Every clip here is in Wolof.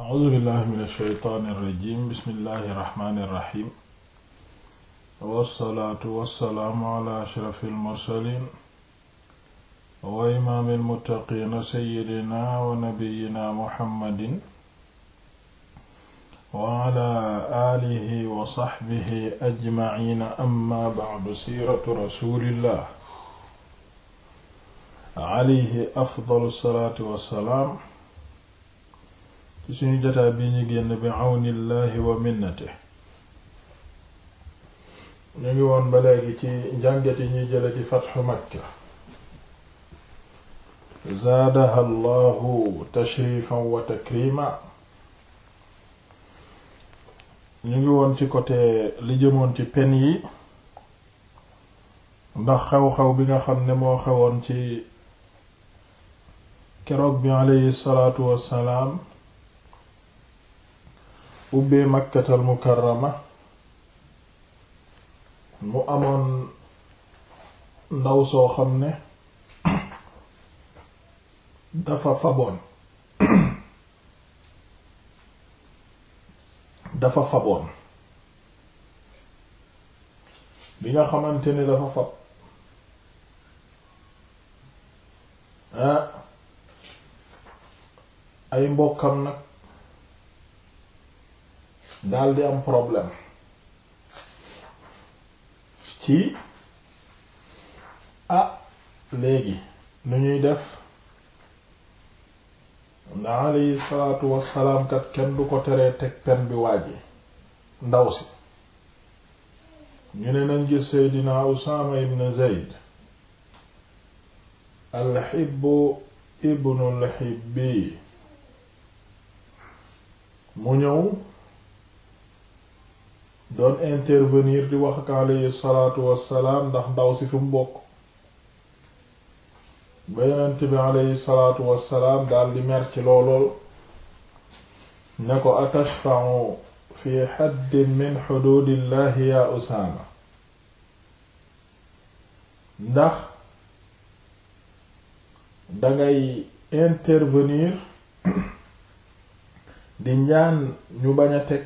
a'uuzu billahi min ash-shaytaani irrajim bismillahi irrahmani irrahim wassalaatu wassalaamu ala ashrafi almursalin wa imaami almuttaqiina sayyidina wa nabiyina muhammadin wa ala aalihi wa saxbihi ajmaciina amma bacdu siiratu rasulillah alayhi afdalu salaatu wassalaam ci suñu jotaay bi ñu génn bi àwnillaahi wa minnate ñu ngi woon ba léegi ci njàngat yi ñuy jële ci fatxu makka zaadaha allahu tashrifan wa takrima ñu ngi woon ci côté li jëmoon ci pen yi ndax xew-xew bi nga xam ne moo xewoon ci keroog bi aleyhi salaatu wassalaam ubbee makkatal mukarrama mu amoon ndaw soo xam ne dafa faboon dafa faboon bi nga xamante ne dafa fab ah ay mbokkam nag daal di am problème ci ah léegi nu ñuy def nda alayhi salaatu wassalaam kat kenn du ko teree teg pen bi waaj ndaw si ñu ne nañ gis seydina Usaama ibn Zayd alxibbu ibnulxibbi mu ñëw doon intervenir di wax ak alayhi salaatu wassalaam ndax ndaw si fi mu bokk ba yonent bi alayhi salaatu wassalaam daal di mer ci loolool ne ko atashfa'u fi haddin min xuduudillahi ya Usaama ndax dangay intervenir di ñaan ñu bañ teg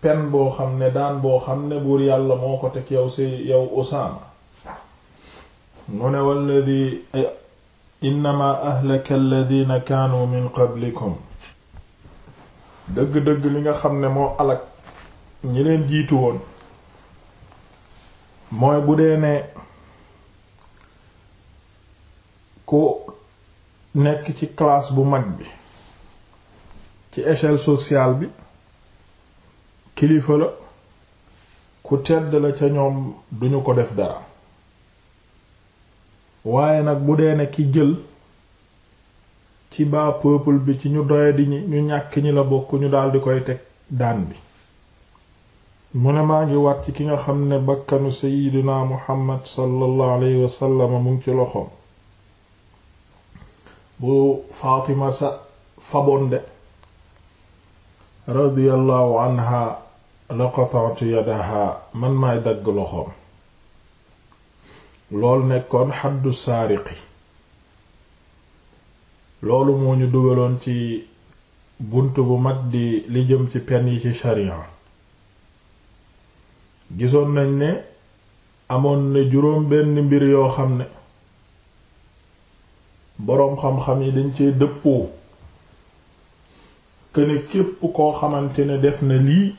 pen boo xam ne daan boo xam ne buur yàlla moo ko teg yow si yow Usaama mu ne walladi innama ahlaka alladina kaanu min qablikum dëgg-dëgg li nga xam ne moo alak ñi leen jiitu woon mooy bu dee ne ku nekk ci classe bu mag bi ci échelle sociale bi kilifa la ku tedd la ca ñoom duñu ko def dara waaye nag bu dee ne ki jël ci baa peuple bi ci ñu doye di ñu ñàkk ñi la bokk ñu daldi koy teg daan bi mu ne maa ngi waat ki nga xam ne bakkanu sayiduna muhammad sallallahu alayhi wasallam mu ci loxoom bu faatima sa fabonde radiyallahu anha la qata'tu yadaha man maay dagg loxoom loolu nekkoon xaddu saariqi loolu moo ñu dugaloon ci bunt bu mag di li jëm ci pen yi ci sharia gisoon nañ ne amoon na juróom benn mbir yoo xam ne boroom xam-xam yi dañ cee dëppoo këne képp koo xamante ne def na lii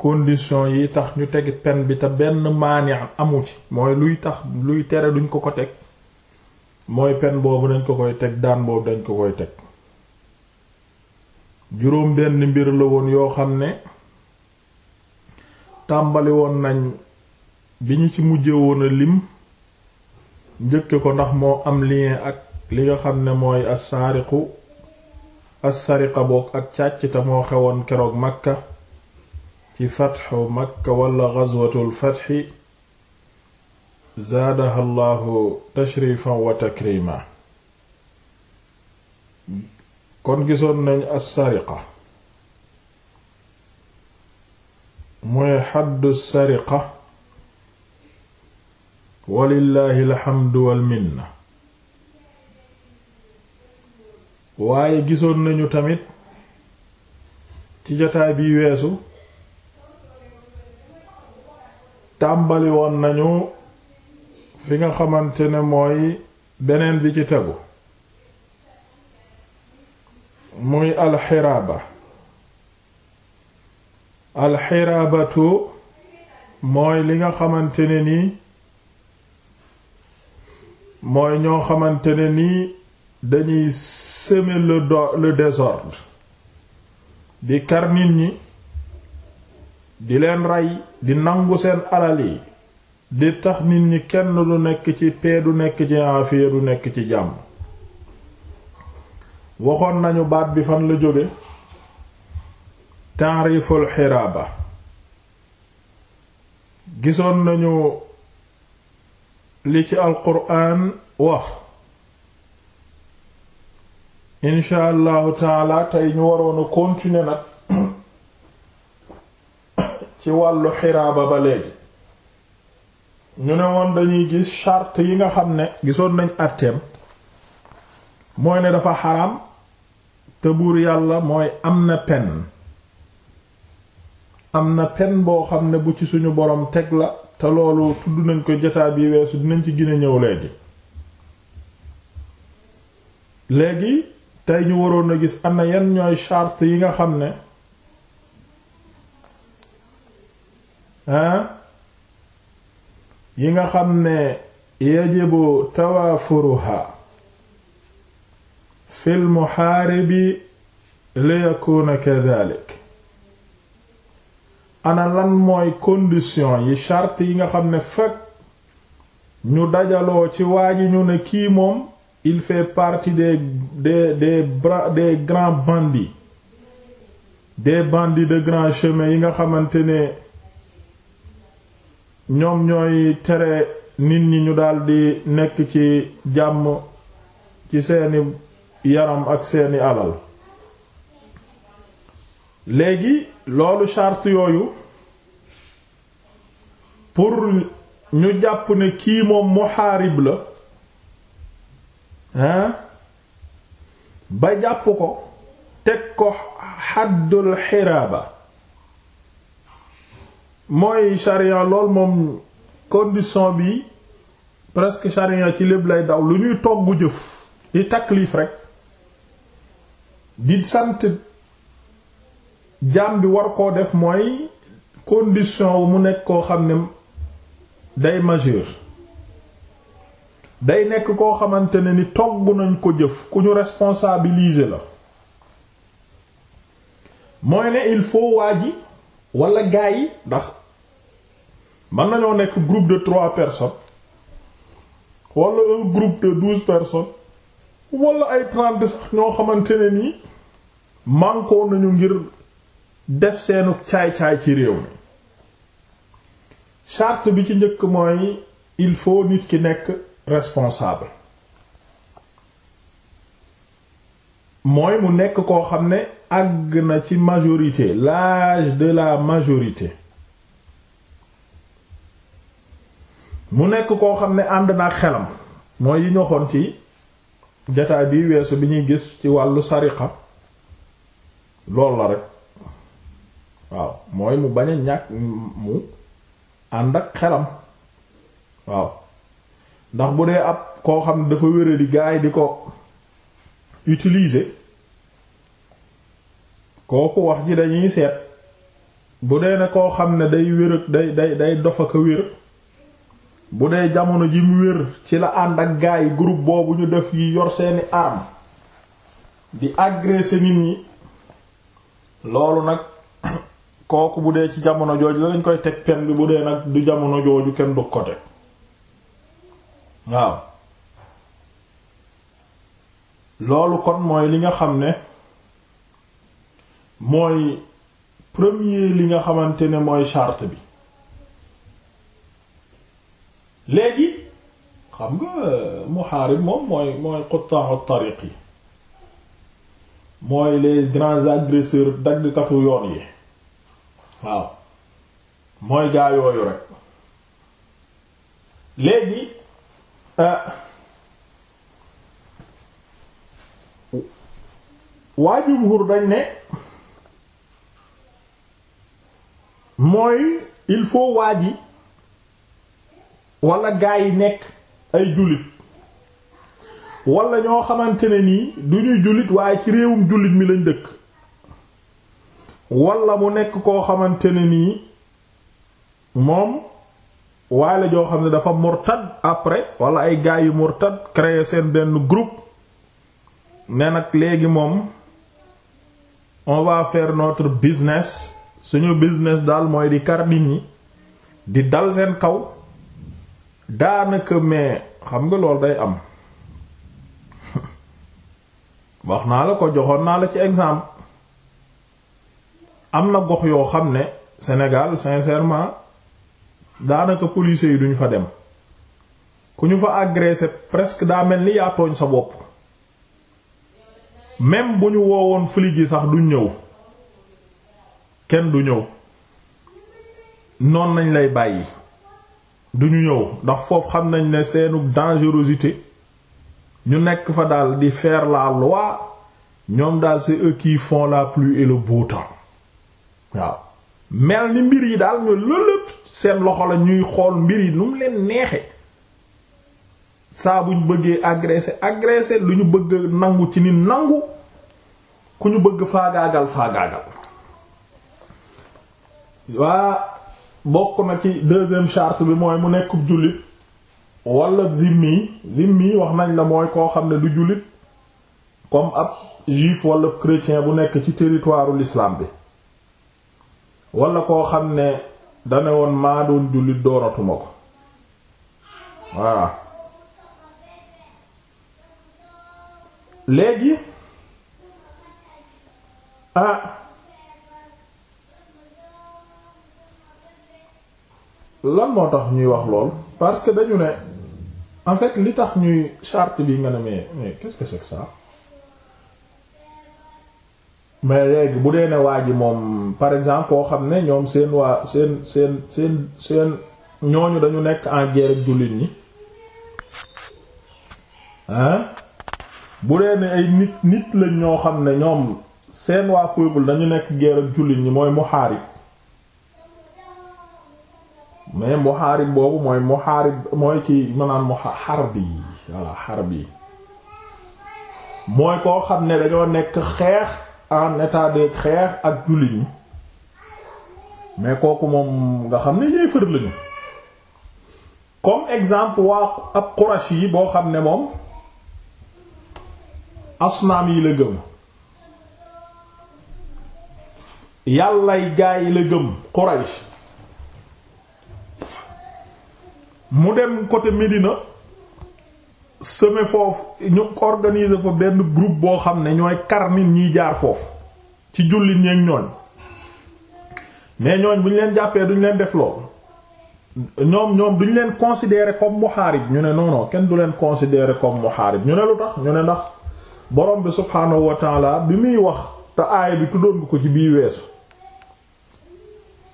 condition yi tax ñu teg pen bi te benn maani amul ci mooy luy tax luy tere duñ ko ko teg mooy pen boobu dañ ko koy teg daan boobu dañ ko koy teg juróom benn mbir la woon yoo xam ne tàmbali woon nañ bi ñu ci mujje woon lim njëkke ko ndax moo am lien ak li nga xam ne mooy as-sariqu as ak càcc te moo xewoon keroog Makka ci fatxu makka wala gazwatul fatxi zaadaha llahu tashrifan wa takrima kon gisoon nañ assariqa mooy xaddu sariqa walillahi alxamdu walminna waaye gisoon nañu tamit ci jotaay bi weesu tàmbali woon nañu fi nga xamante ne mooy beneen bi ci tegu muy alxiraaba alxiraabatu mooy li nga xamante ne nii mooy ñoo xamante ne ni dañuy semer le désordre di kar nit ñi di leen rey di nangu seen alal yi di tax nit ñi kenn du nekk ci paix du nekk ci aafiya du nekk ci jàmm waxoon nañu baat bi fan la jóge taariful xiraaba gisoon nañu li ci alquraan wax incha allahu tey ñu waroon a continuer nag ci wàllu xiraaba ba léegi ñu ne woon dañuy gis charte yi nga xam ne gisoon nañ àtteem mooy ne dafa xaraam te buur yàlla mooy am na pen am na pen boo xam ne bu ci suñu borom teg la te loolu tudd nañ ko jotaay bi weesu dinañ ci gën a ñëw léegi léegi tey ñu waroon a gis am na yan ñooy charte yi nga xam ne yi nga xam ne yajibu tawaafuruha fi lmuxaaribi li yakuna kadalik ana lan mooy condition yi chart yi nga xam ne fekk ñu dajaloo ci waa ji ñu ne kii moom il fait partie des des des des grands bandits des de grand chemin yi nga xamante ne ñoom ñooy tere nit ñi ñu daldi nekk ci jàmm ci seeni yaram ak seeni alal léegi loolu chart yooyu pour ñu jàpp ni kii moom muhaarib la hein ba jàpp ko teg ko xaddul xiraaba mooy sharia lool moom condition bi presque sharia ci lépp lay daw lu ñuy toggu jëf di taklif rek di sant jaam bi war koo def mooy condition wu mu nekk koo xam ne day majeur day nekk koo xamante ne ni togg nañ ko jëf ku ñu responsabiliser la mooy ne il faut waa ji walla gaa yi ndax mën nañoo nekk groupe de trois personnes wala un groupe de personnes wala ay trente sax ñoo xamante ne nii mànkoo nañu ngir def seenu caay-caay ci réew mi charte bi ci njëkk mooy il faut nit ki nekk responsable mooy mu nekk koo xam ne àgg na ci majorité lage de la majorité mu nekk koo xam ne ànd na ak xelam mooy yi ñoxoon ci jataay bi weesu bi ñuy gis ci wàllu sariqa lool la rek waaw mooy mu bañ a ñàkk mu ànd ak xelam waaw ndax bu dee ab koo xam ne dafa wéradi gaay di ko utiliser kooku wax ji dañuy seet bu dee ne koo xam ne day wérag day day day dofa ko wér bu dee jamono ji mu wér ci la ànd ak gaay groupe boobu ñu def yi yor seeni arme di agresser nit ñi loolu nag kooku bu dee ci jamono jooju lañ koy teg pen bi bu dee nag du jamono jooju kenn du ko teg waaw loolu kon mooy li nga xam ne mooy premier li nga xamante ne mooy charte bi léegi xam nga euh, muhaarib moom mooy mooy qutta'u tariq yi mooy les grands agresseurs daggkatu yoon yi waaw mooy gaa yooyu rek léegi euh, waa jumhur ne mooy il faut waa ji wala gaa yi nekk ay jullit wala ñoo xamante ne nii du ñuy jullit waaye ci réewum jullit mi lañ dëkk wala mu nekk koo xamante ne nii moom waaye la joo xam ne dafa murtad après wala ay gaa yu murtad créer seen benn groupe ne nag léegi moom on va faire notre business suñu business daal mooy di kar nit ñi di dal seen kaw daanaka mais xam nga loolu day am wax naa la ko joxoon naa la ci exemple am na gox yoo xam ne Sénégal sincèrement daanaka police yi duñu fa dem ku ñu fa agressé presque daa mel ni yaa tooñ sa bopp même bu ñu woowoon flic yi sax duñ ñëw kenn du ñëw noonu nañ lay bàyyi. duñu ñëw ndax foofu xam nañ ne seenu dangerosité ñu nekk fa daal di faire la loi ñoom daal c'est eux qui font la pluie et le waaw mel ni mbir yi daal ñu lëlëp seen loxo la ñuy xool mbir yi nu mu leen neexe saa bu ñu bëggee agresser agresser lu ñu bëgg nangu ci ni nangu ku ñu bëgg faagaagal faagaagal waa bokk na ci deuxième charte bi mooy mu nekkub jullit wala zimmi zimmi wax nañ la mooy koo xam ne du jullit comme ab juif wala chrétien bu nekk ci territoire l'islam bi wala koo xam ne dane woon maa doon jullit doonatuma ko voilà léegi ah lan moo tax ñuy wax lool parce que dañu ne en fait li tax ñuy charte bi nga ne mais mais qu'est-ce que c'est que mais léegi bu dee ne waa ji moom par exemple koo xam ne ñoom seen waa seen seen seen seen ñooñu dañu nekk en guerre ak jullit ñi hein bu dee ne ay nit nit lañ ñoo xam ne ñoom seen waa peuple dañu nekk guerre ak jullit ñi mooy muhaarib mais muhaarib boobu mooy muhaarib mooy ci maanaam mu xarbi yi voilà mooy koo xam ne dañoo nekk xeex en état de xeex ak jullit ñi mais kooku moom nga xam ne yéefër lañu comme exemple waa ab Qurashi yi boo xam ne moom asnaam yi la gëm yàllay gaay yi la gëm Quraysh mu dem côté Médina semé foofu ñu organiser fa benn group boo xam ne ñooy kar nit ñiy jaar foofu ci jullit ñeeg ñooñ mais ñooñ bu ñu leen jàppee duñ leen def lool ñoom ñoom duñ leen considérer comme muharib ñu ne noonoo kenn du leen considérer comme muharib ñu ne lu tax ñu ne ndax boroom bi subhaanahu wa taala bi muy wax te aaya bi tuddoon ko ci bii weesu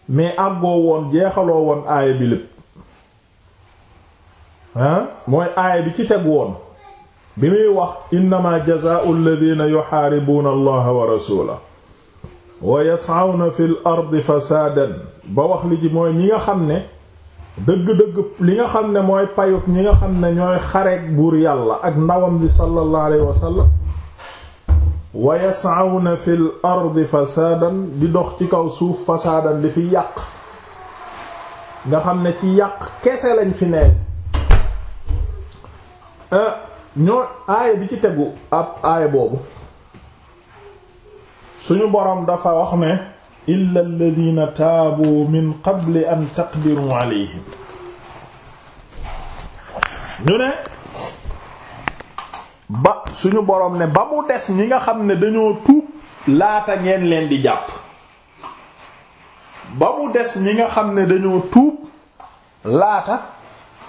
mais àggoo woon jeexaloo woon aaya bi lépp mooy aaya bi ci teg woon bi muy wax innama jazaa'u alladhina yuhaaribuuna allaha wa rasulahu wa yas'awna fil ardi fasaadan ba wax li nga xam ne dëgg li nga xam ne mooy payut ñi nga xam ne ñooy xareek buur yàlla ak ndawam bi sallallahu alayhi wa sallam wa yas'awna fil ardi fasaadan di dox ci kaw suuf fasaadan di fi yàq nga xam ne ci yàq kese lañ fi ne Euh, ñoo aaya bi ci tegu ab aaya boobu suñu boroom dafa wax ne illa alladhina taabu min qabli an taqdiru alayhim ñu ne ba suñu boroom ne ba mu des ñi nga xam ne dañoo tuub laata ngeen leen di jàpp ba mu des ñi nga xam ne dañoo tuub laata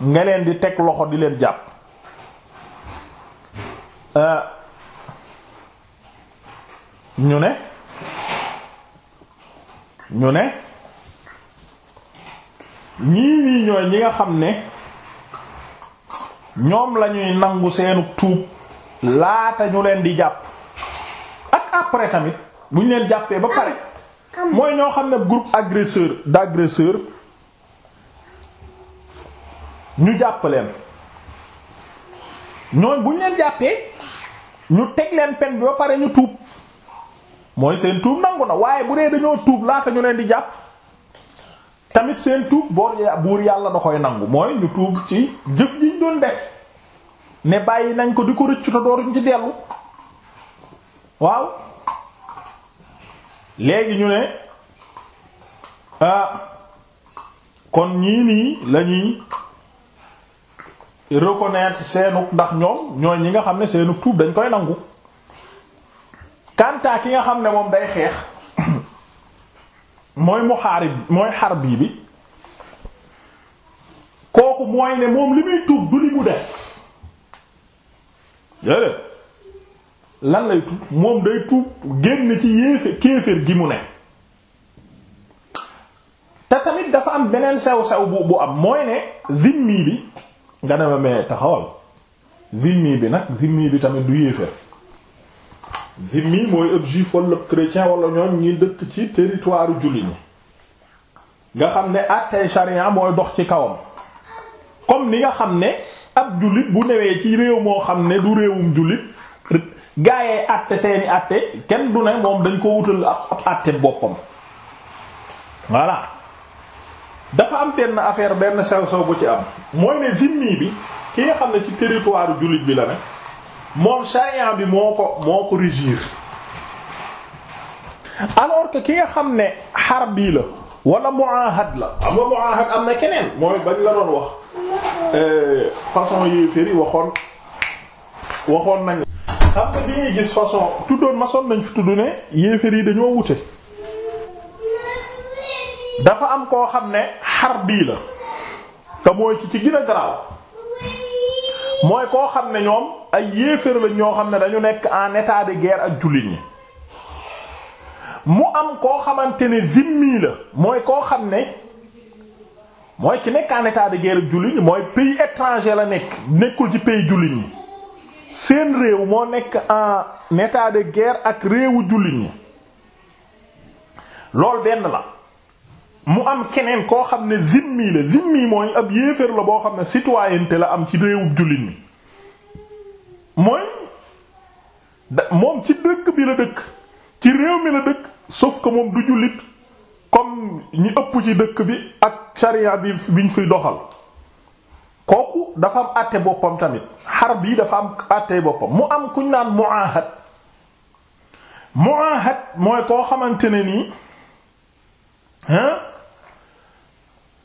nga leen di teg loxo di leen jàpp Euh, ñu ne ñu ne ñii nii ñooy ñi nga xam ne ñoom lañuy nangu seenu tuub laata ñu leen di jàpp ak après tamit bu ñu leen jàppee ba pare mooy ñoo xam ne groupe agresseur d'agresseur ñu jàpp leen ñooñ bu ñu leen jàppee ñu teg leen pen bi ba pare ñu tuub mooy seen tuub nangu na waaye bu dee dañoo tuub laata ñu leen di jàpp tamit seen tuub boo buur yàlla da koy nangu mooy ñu tuub ci jëf ji ñu doon def ne bàyyi nañ ko di ko rëccu te dooruñ ci dellu waaw léegi ñu ne ah kon ñii nii lañuy reconnaître seenuk ndax ñoom ñooy ñi nga xam ne seenuk tuub dañ koy nangu kantaa ki nga xam ne moom day xeex mooy muxaarib mooy xarbi bi kooku mooy ne moom li muy tuub du li mu def yéen lan lay tuub moom day tuub génn ci yéefe kéeféer gi mu ne te tamit dafa am beneen sew sew bu bu am mooy ne zimmi bi nga ne ma mais taxawal zimmi bi nag zimmi bi tamit du yéeféer zimmi mooy ab juif wala chrétien wala ñoom ñi dëkk ci territoire julli ñi nga xam ne àttey sharia mooy dox ci kawam comme ni nga xam ne ab jullit bu newee ci réew moo xam ne du réewum jullit gaayee àtte seeni àtte kenn du ne moom dañ ko wutal ab àtte boppam voilà dafa am benn affaire benn sew-sew bu ci am mooy ne zimmi bi ki nga xam ne ci territoire jullit bi la ne moom charia bi moo ko moo ko régir alors que ki nga xam ne xar bii la wala muahad la am nga muahad am na keneen mooy bañ la doon wax euh, façon yi firi waxoon waxoon nañ xam nga bi ngay gis façon tuddoon masoon nañ fi tudd ne yéefér yi dañoo wute dafa am koo xam ne xar bii la te mooy ci ci gën a mooy koo xam ne ñoom ay yéeféer lañ ñoo xam ne dañu nekk en état de guerre ak jullit ñi mu am koo xamante ne zimmi la mooy koo xam ne mooy ki nekk en état de guerre ak jullit ñi mooy pays étranger la nekk nekkul ci pays jullit ñi seen réew moo nekk en état de guerre ak réewu jullit ñi loolu benn la mu am keneen koo xam ne zimmi la zimmi mooy ab yéeféer la boo xam ne citoyenneté la am ci réewub jullit mi mooy da moom ci dëkk bi la dëkk ci réew mi la dëkk sauf que moom du jullit comme ñi ëpp ci dëkk bi ak charia bi biñ fiy doxal kooku dafa am àtte boppam tamit xar bii dafa am àtte boppam mu am kuñ naan muahad muahad mooy koo xamante ne nii hein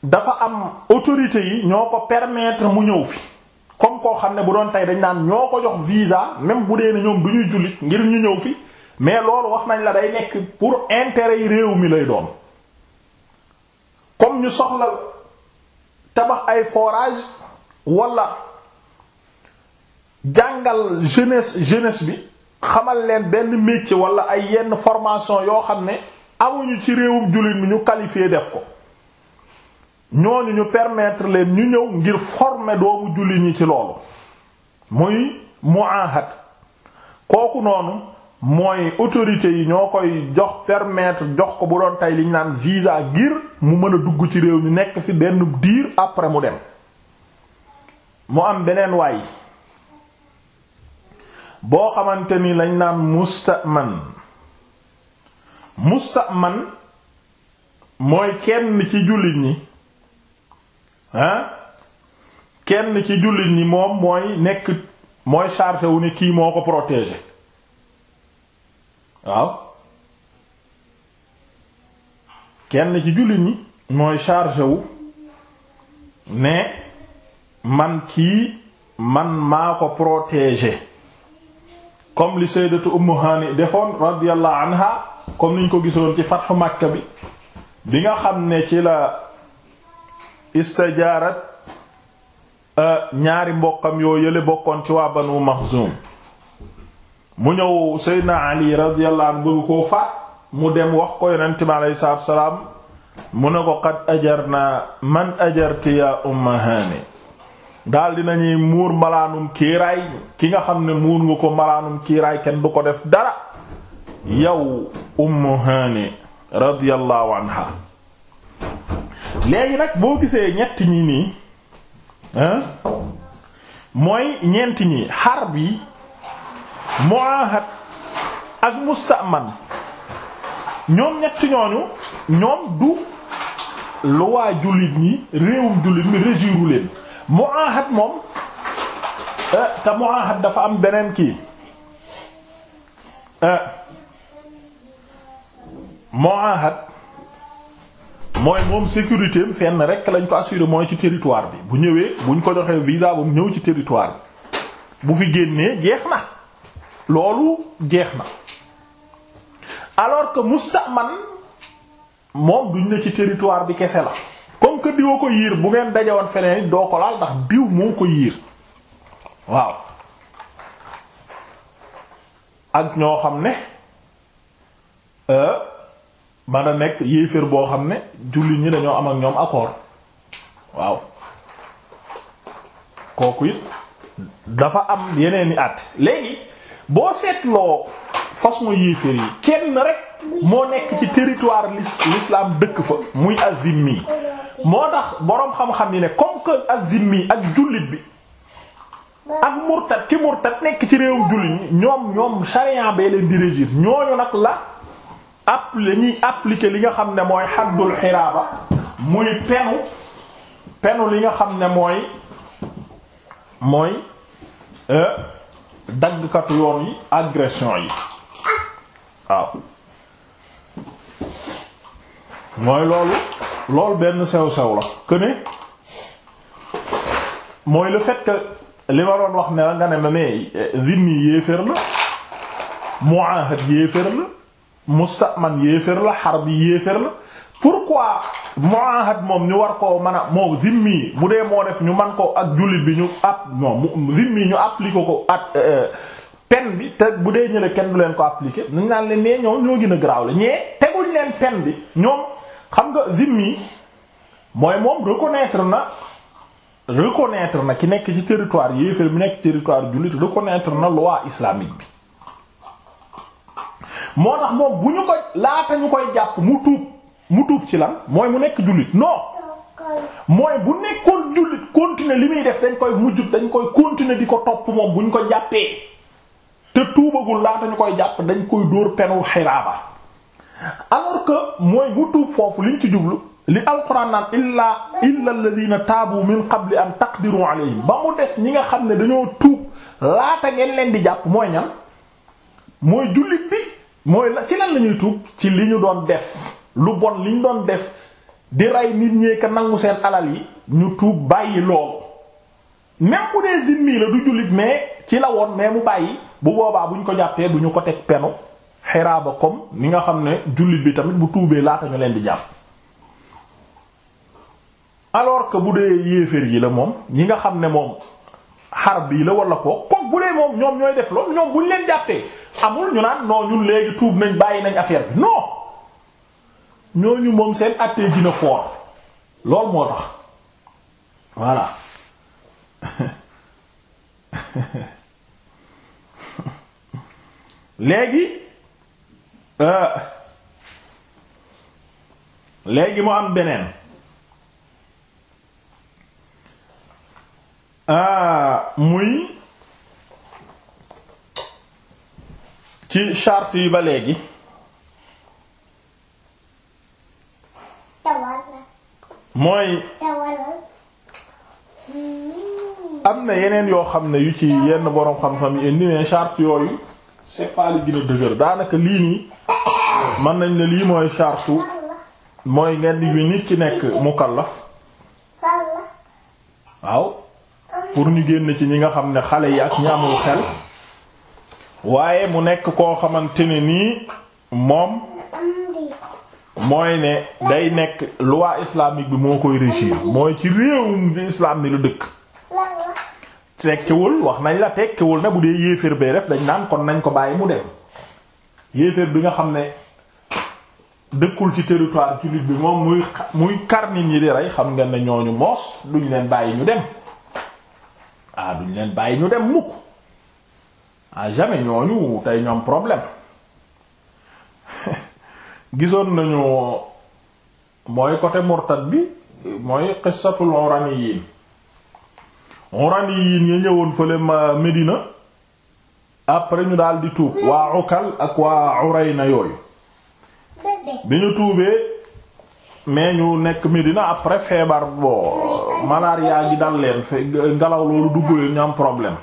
dafa am autorité yi ñoo ko permettre mu ñëw fi comme koo xam ne bu doon tey dañ naan ñoo ko jox visa même bu dee na ñoom du ñuy jullit ngir ñu ñëw fi mais loolu wax nañ la day nekk pour intérêt yi réew mi lay doon comme ñu soxla tabax ay forage wala jàngal jeunesse jeunesse bi xamal leen benn métier wala ay yenn formation yoo xam ne amuñu ci réewum jullit mi ñu qualifié def ko ñooñu ñu permettre leen ñu ñëw ngir former doomu julli ñi ci loolu muy muahad kooku noonu mooy autorité yi ñoo koy jox permettre jox ko bu doon tey liñ naan visa ngir mu mën a dugg ci réew ñu nekk fi benn diir après mu dem mu am beneen waay boo xamante ni lañ naan mustaman mustaman mooy kenn ci jullit ñi ah kenn ci jullit ñi moom mooy nekk mooy chargé wu ne kii moo ko protége waaw kenn ci jullit ñi mooy chargé wu ne man kii man maa ko protége comme li sayyidatu Ummu Hani defoon radiyallahu anha comme niñ ko gisoon ci fathu Makka bi bi nga xam ne ci la istajaarat euh, ñaari mbokkam yoo yële bokkoon ci waa banu maxzum mu ñëw seydna ali radiyallahu anhu bëgg koo faat mu dem wax ko yonent mi aleyhi salaatu salaam mu ne ko qad ajarna man ajarti ya umma haani daal dinañuy muur malaanum kiiraay ki nga xam ne muur nga ko malaanum kiiraay kenn du ko def dara yow ummu haani radiyallahu anha léegi nag boo gisee ñett ñi nii mooy ñeenti ñi xarb yi muahad ak mustaman ñoom ñett ñooñu ñoom du luwaa jullit ñi réewum jullit mi régiru leen muahad moom eh, te muahad dafa am beneen kii eh, muahad mooy moom sécurité am fenn rek lañ ko assuré mooy ci territoire bi bu ñëwee buñ ko doxee visa bu ñëw ci territoire bi bu fi génnee jeex na loolu jeex na alors que mustaman moom duñ la ci territoire bi kese la comme que diwa ko yiir bu ngeen dajewoon feneen doo ko laal ndax diw moo ko yiir waaw ak ñoo xam ne euh, man a nekk yéeféer boo xam ne julli ñi dañoo am ak ñoom accord waaw kooku it dafa am yeneen i at léegi boo seetloo façon yéeféer yi kenn rek moo nekk ci territoire l'islam dëkk fa muy azimmi moo tax boroom xam-xam yi ne comme que azimmi ak jullit bi ak murtad ki murtad nekk ci réew jullit ñoom ñoom sharia bee leen di régir ñooñu nag la app la ñuy appliquer li nga xam ne mooy xaddul xiraaba muy penu penu li nga xam ne mooy mooy euh, daggkatu yoon yi agression yi waaw mooy loolu loolu benn sew-sew la que mooy le fait que li ma doon wax ne la nga ne ma mais euh, zimmi yéefér la muahad yéefér la mustaman yéefér la xar bi yéefér la pourquoi muahad moom ñu war koo man a moo zimmi bu dee moo def ñu man ko ak jullit bi ñu app moom zimmi ñu appliqué ko ak euh, pen bi te bu dee ñële kenn du leen ko appliqué nañ naan leen nee ñoom ñoo gën a garaaw la ñee teguñ leen pen bi ñoom xam nga zimmi mooy moom reconnaître na reconnaître na ki nekk ci territoire yéefér bi nekk territoire jullit reconnaître na loi islamique bi moo tax moom bu ñu ko laata ñu koy jàpp mu tuub mu tuub ci lan mooy mu nekk jullit non mooy bu nekkoon jullit continuer li muy def dañ koy mujj dañ koy continuer di ko topp moom bu ñu ko jàppee te tuubagul laata ñu koy jàpp dañ koy dóor penu xiraaba alors que mooy bu tuub foofu liñ ci jublu li alquran naan illaa illa alladhina taabu min qabli an taqdiru alayhim ba mu des ñi nga xam ne dañoo tuub laata ngeen leen di jàpp mooy ñan mooy jullit bi mooy la ci lan la ñuy tuub ci li ñu doon def lu bon li ñu doon def di rey nit ñee ka nangu seen alal yi ñu tuub bàyyi loolu même bu dee zimmi la du jullit mais ci la woon mais mu bàyyi bu boobaa bu ñu ko jàppee du ñu ko teg penu xiraaba comme ni nga xam ne jullit bi tamit bu tuubee laata ñu leen di jàpp. alors que bu dee yéeféer yi la moom ñi nga xam ne moom xar bii la walla ko kook bu dee moom ñoom ñooy def loolu ñoom buñ leen jàppee amul ñu naan non ñun léegi tuub nañ bàyyi nañ affaire bi non ñooñu moom seen attee dina fort loolu moo tax voilà léegi euh, léegi mu am beneen ah muy ci charte yi ba léegi mooy am na yeneen yoo xam ne yu ci yenn boroom xam-xam yi indi ne charte yooyu daanaka lii nii mën nañ ne lii mooy charte mooy ngeen bi nit ci nekk mukallaf waaw pour ñu génn ci ñi nga xam ne xale yi ak ñi xel waaye mu nekk koo xamante ne nii moom mooy ne day nekk loi islamique bi moo koy régir mooy ci réewum bi islam ni lu dëkk tekkiwul wax nañ la tekkiwul ne bu dee yéeféer bee def dañ naan kon nañ ko bàyyi mu dem yéeféer bi nga xam ne dëkkul ci territoire jullit bi moom muy muy kar nit ñi di rey xam nga ne ñooñu moos duñ leen bàyyi ñu dem ah duñ leen bàyyi ñu dem mukk à ah, jamais ñooñu tey ñoom problème gisoon nañu mooy côté murtad bi mooy qissatul uraniyin uraniyin ya ñëwoon fële Medina après ñu daal di tuub waa Ukal ak waa Urayna yooyu bi ñu tuubee mais ñu nekk Medina après feebar boo malaria gi dal leen fe ngelaw loolu dugg leen ñu am problème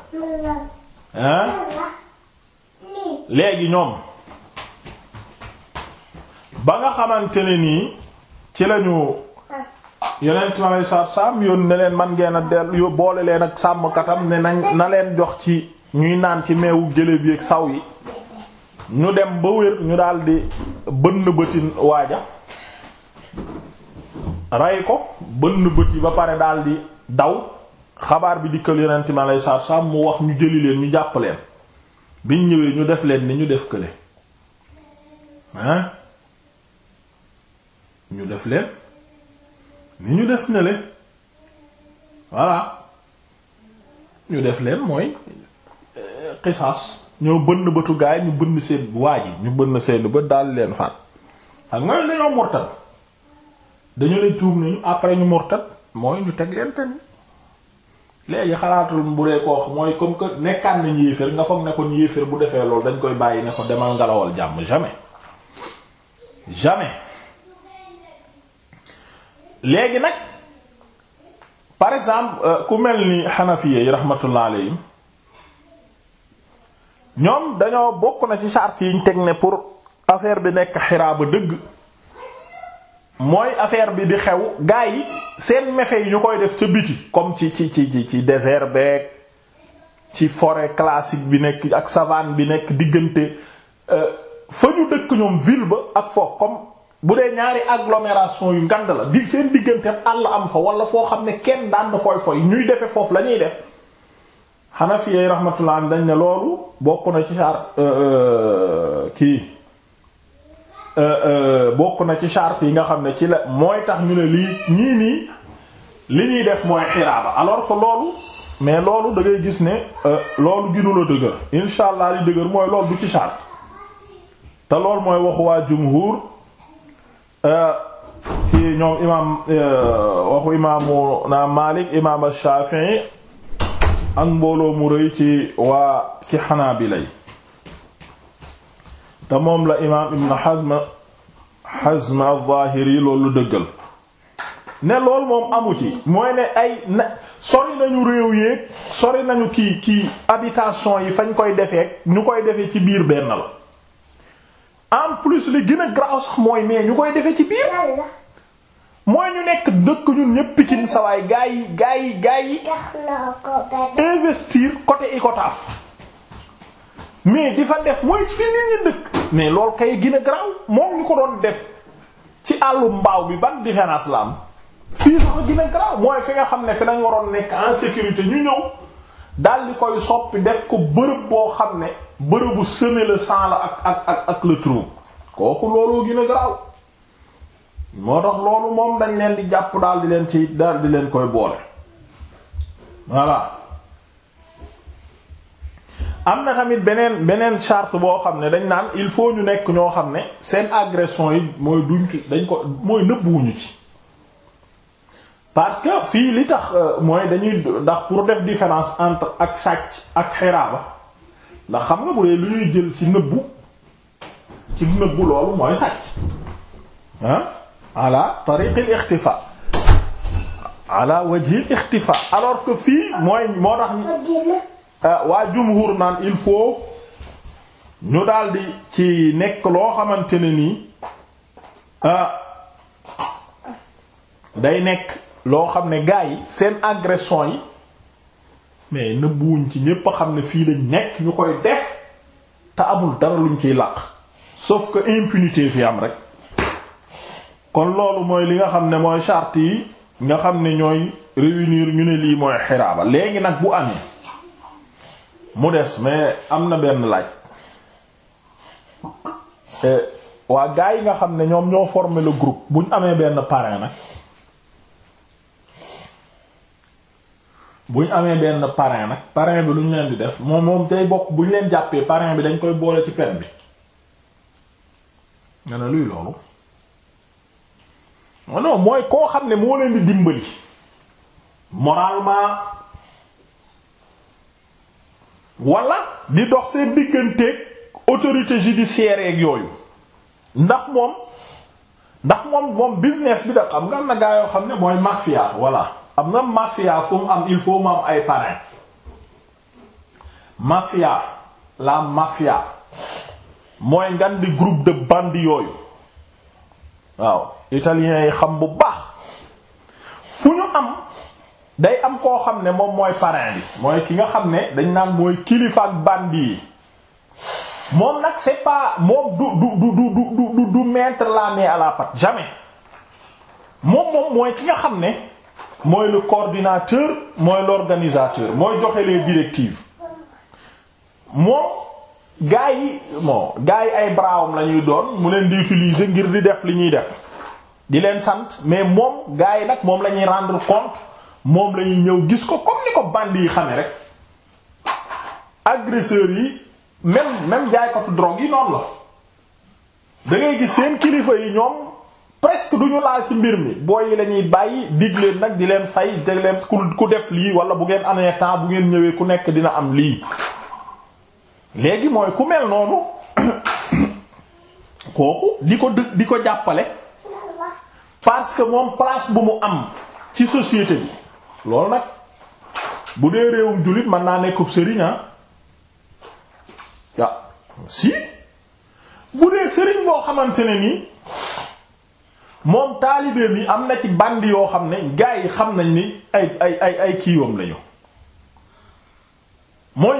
léegi ñoom ba nga xamante ne nii ci lañu yeneen ci ma saab saab yoon ne leen man ngeen a dellu boole leen ak sàmmkatam ne na na leen jox ci ñuy naan ci meewu gëléem ak saw yi ñu dem ba wér ñu daldi bënn bëtin waaja rey ko bënn bët yi ba pare daal di daw xabaar bi dikkal yonent mi aleyhi salaatu salaam mu wax ñu jëli leen ñu jàpp leen biñ ñëwee ñu def leen ni ñu def kële ñu def leen ni ñu def ne leen ñu def leen mooy euh, xisaas ñoo bënn bëtu gaay ñu bënn seen waa ji ñu bënn seen bët daal leen faat ak mooy dañoo mortal dañu ne tuub nañu après ñu murtat mooy ñu teg leen pen léegi xalaatul bu dee koo mooy comme que nekkaan nañ yéeféer nga foog ne kon yéeféer bu defee loolu dañ koy bàyyi ne ko demal ngalawal jàmm jamais jamais léegi nag par exemple euh, ku mel ni xanafiye yi rahmatullah alayhim ñoom dañoo bokk na ci charte yiñ teg ne pour affaire bi nekk xiraa ba dëgg mooy affaire bi di xew gaa yi seen mefe yi ñu koy def ca biti comme ci ci ci ci désert beeg ci forêt classique bi nekk ak savane bi nekk diggante euh, fa ñu dëkk ñoom ville ba ak foofu comme bu dee ñaari agglomération yu ngand la di seen digganteem àll am fa wala foo xam ne kenn daan na fooy fooy ñuy defe foofu la ñuy def Hanafi yi rahmatullah dañ ne loolu bokk na ci char euh, euh, kii Euh, euh, bokk na ci chartes yi nga xam ne ci la mooy tax ñu ne lii ñii nii li ñuy def mooy xiraaba alors que loolu mais loolu dangay gis ne euh, loolu gënul a dëgër insha allah li dëgër mooy loolu du ci charte te loolu mooy waxu waa jumhur ci ñoom imaam waxu imaamu na Maalik imaam Shaafi'i ak mbooloo mu rëy ci waa ci xanaa Hanaabila te moom la imaam Ibn Hazm Hazm al-Zahiri loolu dëggal ne loolu moom amu ci mooy ne ay na sori nañu réew yeeg sori nañu kii kii habitation yi fañ koy defee ñu koy defee ci biir benn la en plus li gën a grave sax mooy mais ñu koy defee ci biir mooy ñu nekk dëkk ñun ñépp Pikine sawaay gaa yi gaa yi gaa yi investir côté Icotaf mais di fa def mooy fi nit ñi dëkk mais loolu kay gën a garaaw moom ñu ko doon def ci àllu mbaaw bi ban différence la am fii sax gën a garaaw mooy fi nga xam ne fi lañ waroon nekk en sécurité ñu ñëw daal di koy soppi def ko bërëb boo xam ne bërëbu semer le sang la ak ak ak ak le kooku looloo gën a garaaw moo tax loolu moom dañ leen di jàpp daal di leen ci dal di leen koy boole voilà am na tamit beneen beneen charte boo xam ne dañ naan il faut ñu nekk ñoo xam ne seen agression yi mooy duñ dañ ko mooy nëbbuwuñu ci parce que fii li tax euh, mooy dañuy ndax pour def différence entre ak sàcc ak xiraaba ndax xam nga bu dee lu ñuy jël ci nëbbu ci nëbbu loolu mooy sàcc ah ala tariqil ixtifa ala wajhil ixtifa alors que fii mooy moo tax Euh, waa jumhur naan il faut ñu daldi ci nekk loo xamante ne nii euh, day nekk loo xam ne gars yi seen agression yi mais nëbbuwuñ ci ñépp xam ne fii lañ nekk ñu koy def te amul dara luñ ciy làq sauf que impunité fi am rek kon loolu mooy li nga xam ne mooy charte yi nga xam ne ñooy réunir ñu ne lii mooy xiraaba léegi nag bu amee mu des mais am na benn laaj eh, waa gars yi nga xam ne ñoom ñoo forme le groupe bu ñu amee benn parrain nag bu ñu amee benn parrain nag parrain bi lu ñu leen di def moom moom tey bokk bu ñu leen jàppee parrain bi dañ koy boole ci pen bi nga ne luy loolu non mooy koo xam ne moo leen di dimbali moralement wala di dox seen digganteeg autorité judiciaire yeeg yooyu ndax moom ndax moom moom business bi da xam nga am na gaa yoo xam ne mooy mafia voilà am na mafia fu mu am il faut mu am ay parrain mafia la mafia mooy ngan di groupe de bandits yooyu waaw italiens yi xam bu baax fu ñu am day am koo xam ne moom mooy parrain bi mooy ki nga xam ne dañ naan mooy kilifa ak bandi yi moom nag c'est pas moom du du du du du du la mais à la pâte jamais moom moom mooy ki nga xam ne mooy le coordinateur mooy l'organisateur mooy joxe les directives moom gaa yi bon gaa yi ay brawam la ñuy doon mu leen di utiliser ngir di def li ñuy def di leen sant mais moom gaa yi nag moom la ñuy rendre compte moom lañuy ñëw gis ko comme ni ko bandi yi xame rek agresseurs yi même même jaaykatu drogue yi noonu la da ngay gis seen kilifa yi ñoom presque du ñu laal ci mbir mi booy yi la bàyyi dig nag di leen fay di leen ku def lii wala bu ngeen amee temps bu ngeen ñëwee ku nekk dina am lii. léegi mooy ku mel noonu kooku di ko di ko jàppale parce que moom place bu mu am ci société bi loolu nag bu dee réewum jullit man naa nekkub sëriñ ah waaw si bu dee sëriñ boo xamante ne nii moom taalibeem yi am na ci band yoo xam ne gaa yi xam nañ ni ay ay ay ay kiiwam lañu moo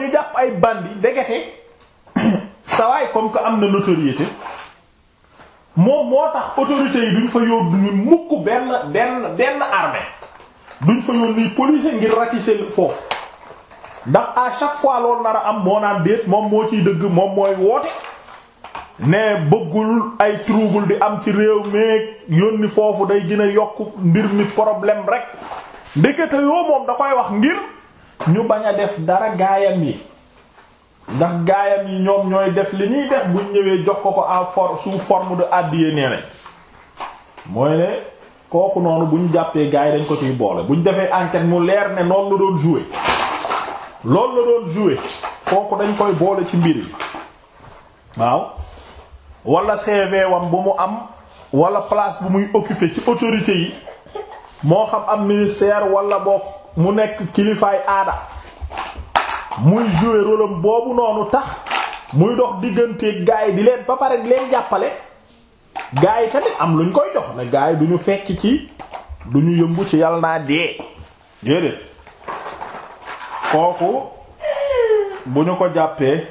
comme que am na notoriété moom moo tax autorités yi duñ fa yóbbu ñu mukk benn benn benn armée duñ fa yónni police ngir ratisser foofu ndax à chaque fois loolu nar a am moo naan déet moom moo ciy dëgg moom mooy woote ne bëggul ay trouble di am ci réew meeg yónni foofu day gën yokk mbir mi problème rek ndekete yoo moom da koy wax ngir ñu bañ a def dara gaayam yi ndax gaayam yi ñoom ñooy def li ñuy def buñ ñëwee jox ko ko en forme sous forme de àddiya nee mooy ne kooku noonu bu ñu jàppee gars yi dañ ko ciy boole bu ñu defee enquête mu leer ne noonu la doon jouer loolu la doon jouer kooku dañ koy boole ci mbir waaw walla CV wam bu mu am wala place bu muy occuper ci autorité yi moo xam am ministère wala boog mu nekk kilifaay aada muy jouer rôle boobu noonu tax muy dox diggante gars yi di leen ba pare di leen jàppale. gaa yi am luñ koy jox ne gaa yi du ñu fekk ci du ñu yëngu ci yàlla naa dee déedéet kooku bu ñu ko jàppee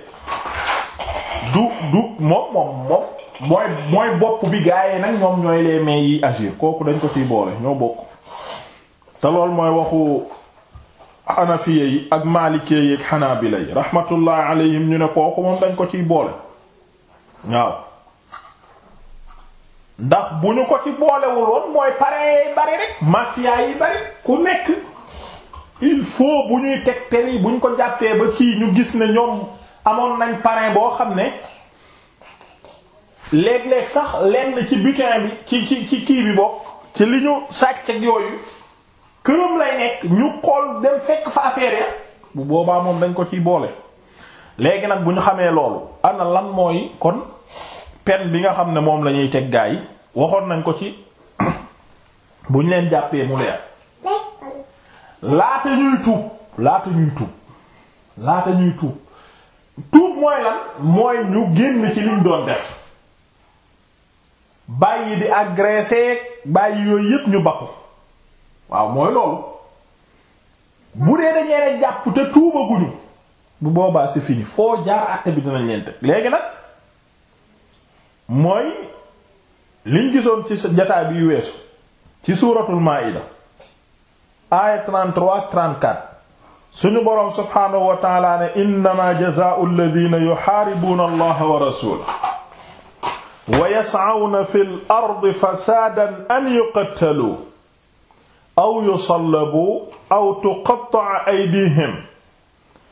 du du moom moom moom mooy mooy bopp bi gaa yi nag ñoom ñooy les mains yi agir kooku dañ ko ciy boole ñoo bokk te loolu mooy waxu hanafiye yi ak maalikee yi ak xanaabila yi rahmatullah alayhim ñu ne kooku moom dañ ko ciy boole waaw ndax bu ñu ko ci boolewul mooy parrain yi bari rek mafia yi bari ku nekk il faut bu ñuy teg tere yi buñ ko jàppee ba kii ñu gis ne ñoom amoon nañ parrain boo xam ne léeg-léeg sax lenn ci butin bi ci ci ci kii bi bokk ci li ñu sàcc ak yooyu këram lay nekk ñu xool dem fekk fa affaire bu boobaa moom dañ ko ci boole léegi nag bu ñu xamee loolu ana lan mooy kon pen bi nga xam ne moom lañuy teg gaa yi waxoon nañ ko ci bu ñu leen jàppee mu leer laata ñuy tuub laata ñuy tuub laata ñuy tuub tuub mooy lan mooy ñu génn ci liñ doon def bàyyi di agressé bàyyi yooyu yépp ñu bakku waaw mooy loolu bu dee dañee ne jàpp te tuubaguñu bu boobaa c'est fini foo jaar àtte bi dinañ leen léegi nag mooy liñ gisoon ci jataay biy weesu ci suuratul maa'ida aaya 33 34 suñu boroom subhaanahu wa ta'aala ne innamaa jazaa'u alladhiina yuhaaribuuna allaha wa rasuulahu wa yas'awna fil ardi fasaadan an yuqattaluu aw yusallabu aw tuqatta'a aydiihim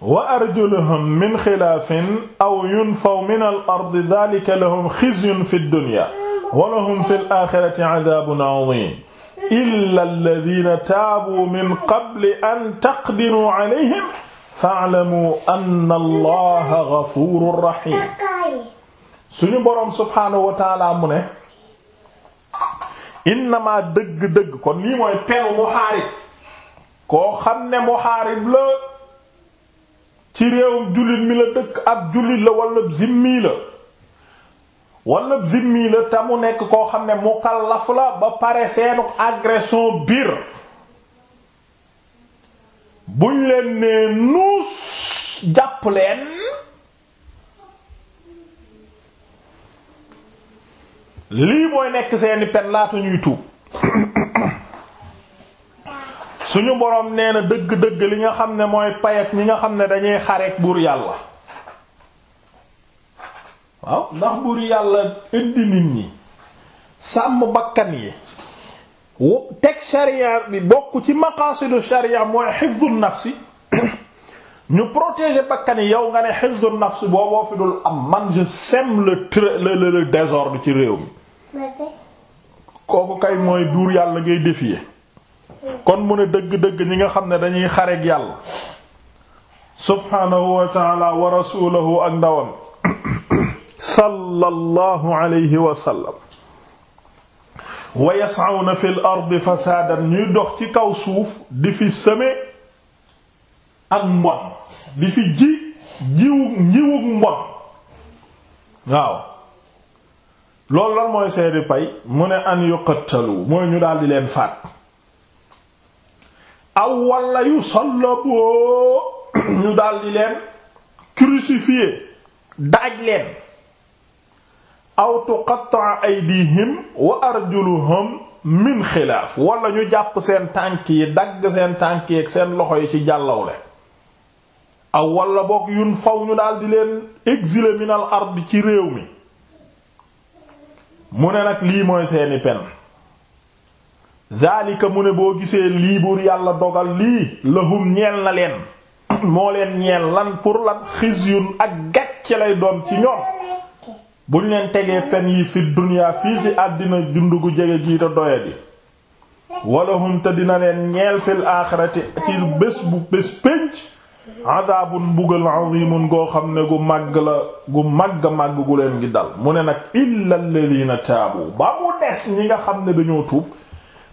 wa arjuluhum min xilaafin aw yunfaw min al ardi daalika lahum xizyun fi dunya wa lahum fi al aaxirati cadaabun cadiim illa alladiina taabuu min qabli an taqdiruu calayhim fa'lamuu anna allaha gafuurun rahiim. suñu boroom subhaanahu wa taala mu ne. innamaa dëgg-dëgg kon lii mooy penu muhaarib koo xam ne muhaarib la. ci réew jullit mi la dëkk ab jullit la wala zimmi la wala zimmi la te mu nekk koo xam ne mu mukallaf la ba pare seenu agression biir buñ leen nee nuus jàpp leen lii mooy nekk seeni pen laata ñuy tuub suñu boroom nee na dëgg-dëgg li nga xam ne mooy payet ñi nga xam ne dañuy xareek buur yàlla waaw ndax buur yàlla indi nit ñi sàmm bakkan yi teg sharia bi bokk ci maqaasidu sharia mooy xifdu si ñu protéger bakkan yi yow nga ne xifdu nafsi booboo fi dul am man je sème le le le désordre ci réew mi kooku kay mooy buur yàlla ngay défier kon mu ne dëgg-dëgg ñi nga xam ne dañuy xareeg yàlla subhaanahu wa taala wa rasuulahu ak ndawam sallallahu alayhi wa wa yas'awna fil ardi fasaadan ñuy dox ci kaw suuf di fi sëme ak mbon di fi ji jiwu njiwug mbon waaw loolu lan mooy seedi pay mu ne an yuqattalu mooy ñu daldi leen faat aw walla yu sallaboo ñu daldi leen crucifié daaj leen aw tuqatta aydihim wa arjuluhum min xilaaf wala ñu jàpp seen tànk yi dagg seen tànk ak seen loxo yi ci jàllawle aw wala boog yun faw ñu daldi leen exiler minal ci réew mi mu ne nag lii mooy seeni pen daalika mu ne boo gisee lii buur yàlla dogal lii lahum ñeel na leen moo leen ñeel lan pour lan xisyun ak gàcce lay doon ci ñoom buñ leen tegee pen yi fi duniyaa fii ci àddina dund gu jege gii te doya di walahum te dina leen ñeel fil aaxirati ci bés bu bés pénc adaabun bugal azimun goo xam ne gu màgg la gu màgg màgg gu leen gi dal mu ne nag illa alladhina taabu ba mu des ñi nga xam ne dañoo tuub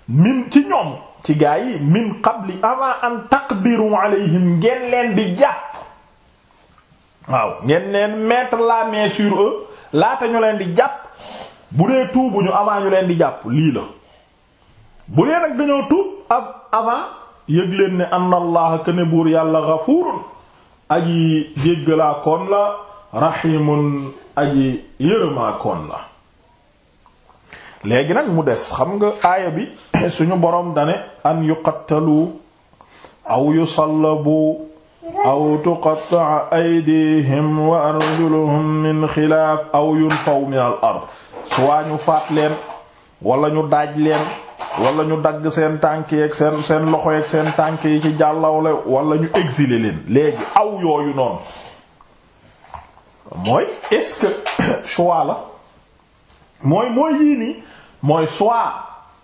min ci ñoom ci gaa yi min qabli avant an taqdiru alayhim ngeen leen di jàpp waaw ngeen leen mettre la main sur eux laata ñu leen di jàpp bu dee tuubu ñu avant ñu leen di jàpp lii la bu dee nag dañoo tuub avant yëg ne anna allaha buur yàlla ghafuurun aji jéggalaakoon la rahimun aji yërëmaakoon la léegi nag mu des xam nga aaya bi suñu boroom dane an yuqattalu aw yusallabu aw tuqatta'a aydihim wa arjuluhum min xilaaf aw yunfaw min al ard soit ñu faat leen wala ñu daaj leen wala ñu dagg seen tànk yi ak seen seen loxo yi ak seen tànk yi ci jàllawle wala ñu exiler leen léegi aw yooyu noonu mooy est-ce la mooy mooy yii nii mooy soit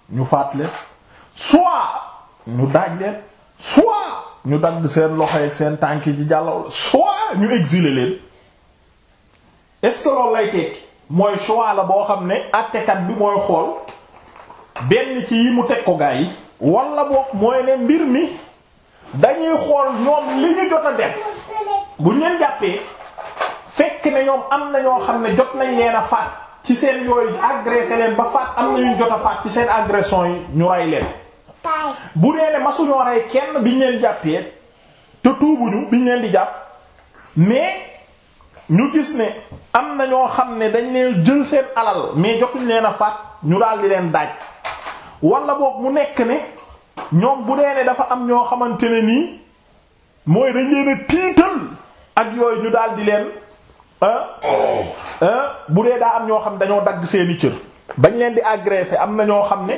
ñu faat leen soit ñu daaj leen soit ñu dagg seen loxo ak seen tànk yi ci jàllaw la soit ñu exiler leen est lay tekki mooy choix la boo xam ne àttekat bi mooy xool benn ci yi mu teg ko gaa yi wala boog mooy ne mbir mi dañuy xool ñoom li ñu jot a def bu ñu leen jàppee fekk ne ñoom am na ñoo xam ne jot nañ leen a faat ci seen yooyu agressé leen ba faat am na ñu jot a faat ci seen agression yi ñu rey leen bu dee ne masuñoo rey kenn biñ leen jàppee te tuubuñu biñ leen di jàpp mais ñu gis ne am na ñoo xam ne dañ leen jël seen alal mais jotuñ leen a faat ñu daal di leen daaj wala boog mu nekk ne ñoom bu dee ne dafa am ñoo xamante ne nii mooy dañ leen a tiital ak yooyu ñu daal di leen. bu dee daa am ñoo xam dañoo dagg seeni cër bañ leen di agresser am na ñoo xam ne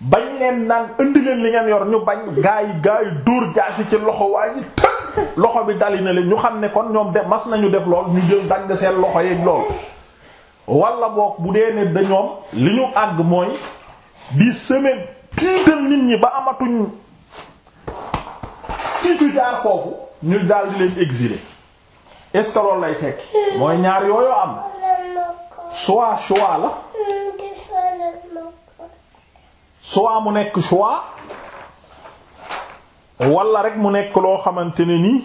bañ leen naan indi leen li ngeen yor ñu bañ gaa yi gaa yi dóor jaasi ci loxo waa loxo bi dali na leen ñu xam ne kon ñoom de mas nañu def lool ñu jël dagg seen loxo yi lool wala boog bu dee ne da ñoom li ñu àgg mooy di semaine tiital nit ñi ba amatuñ fi jaar foofu ñu daal di leen exiler est lay tekki mooy ñaar yooyu am soit choix la soit mu nekk choix walla rek mu nekk loo xamante ne nii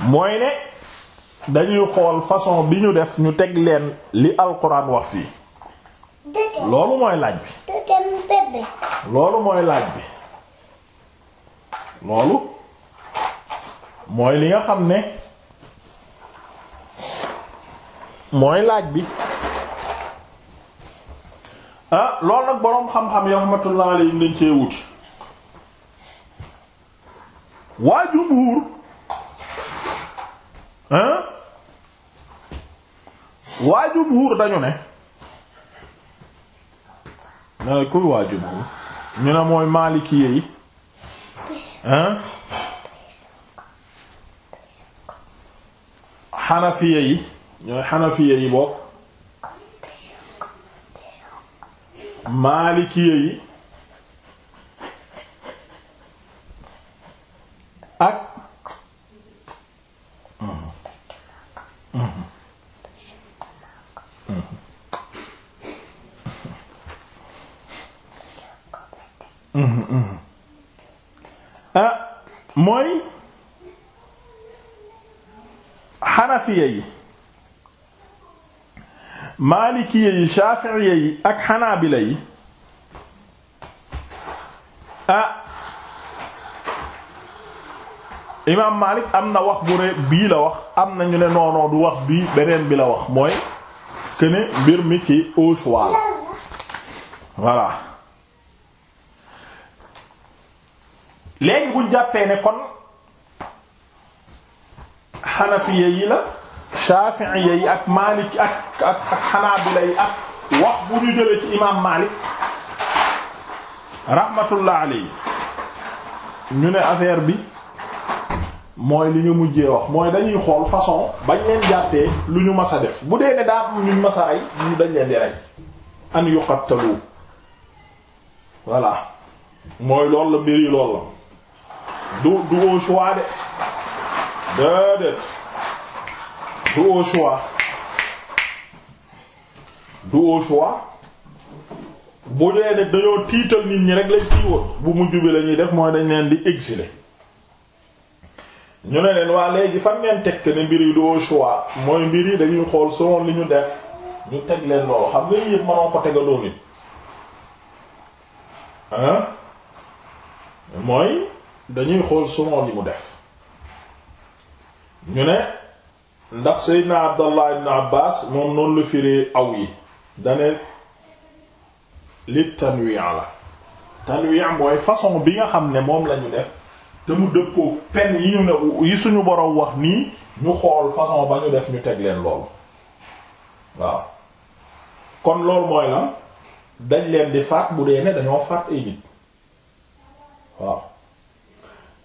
mooy ne dañuy xool façon bi ñu def ñu teg leen li alquran wax fii loolu mooy laaj loolu mooy laaj bi loolu mooy li nga xam ne mooy laaj bi lool ah, loolu nag boroom xam-xam yi rahmatullah alayhi dañ cee wut waa jumhur ah waa jumhur dañu ne na kuy waa jumhur ñu ne mooy maaliki yi ah xanafiya yi ñooy xanafiye yi bokk maalikiye yi ak ah mooy xanafiye malikiye yi yi ak xanaabila yi ah imaam am na wax bu re bii la wax am na ñu ne noonoo du wax bii beneen bi la wax mooy que mbir mi ci au choix la voilà léegi jàppee ne kon xanafiye yi la Shafi'iyya yi ak Malik ak ak ak Hanabila yi ak wax bu ñu jëlee ci imaam Malik rahmatullah alayhi ñu ne affaire bi mooy li ñu mujjee wax mooy dañuy xool façon bañ leen jàppee lu ñu mës a def bu dee ne daa am ñu mës a ñu dañ leen di rey an yuqattalu voilà mooy loolu la mbir yi la du du au choix de déedéet du au choix du au choix bu dee ne dañoo tiital nit ñi rek lañ tiiwoon bu mujj bi la ñuy def mooy dañ leen di exiler ñu ne leen waa léegi fan ngeen teg ne mbir yi du au choix mooy mbir yi dañuy xool selon li ñu def ñu teg leen loolu xam nga yëpp mënoo ko tegaloo nit mooy dañuy xool selon li mu def ñu ne. ndax seydna abdallah ibn abbas moom noonu la firee aw yi dane li tanwi'a la tanwi'a mooy façon bi nga xam ne moom lañu def te mu dëppoo pen yi ñu ne yi suñu boroom wax nii ñu xool façon ba ñu def ñu teg leen loolu waaw kon loolu mooy la dañ leen di faat bu dee ne dañoo faat ay nit waaw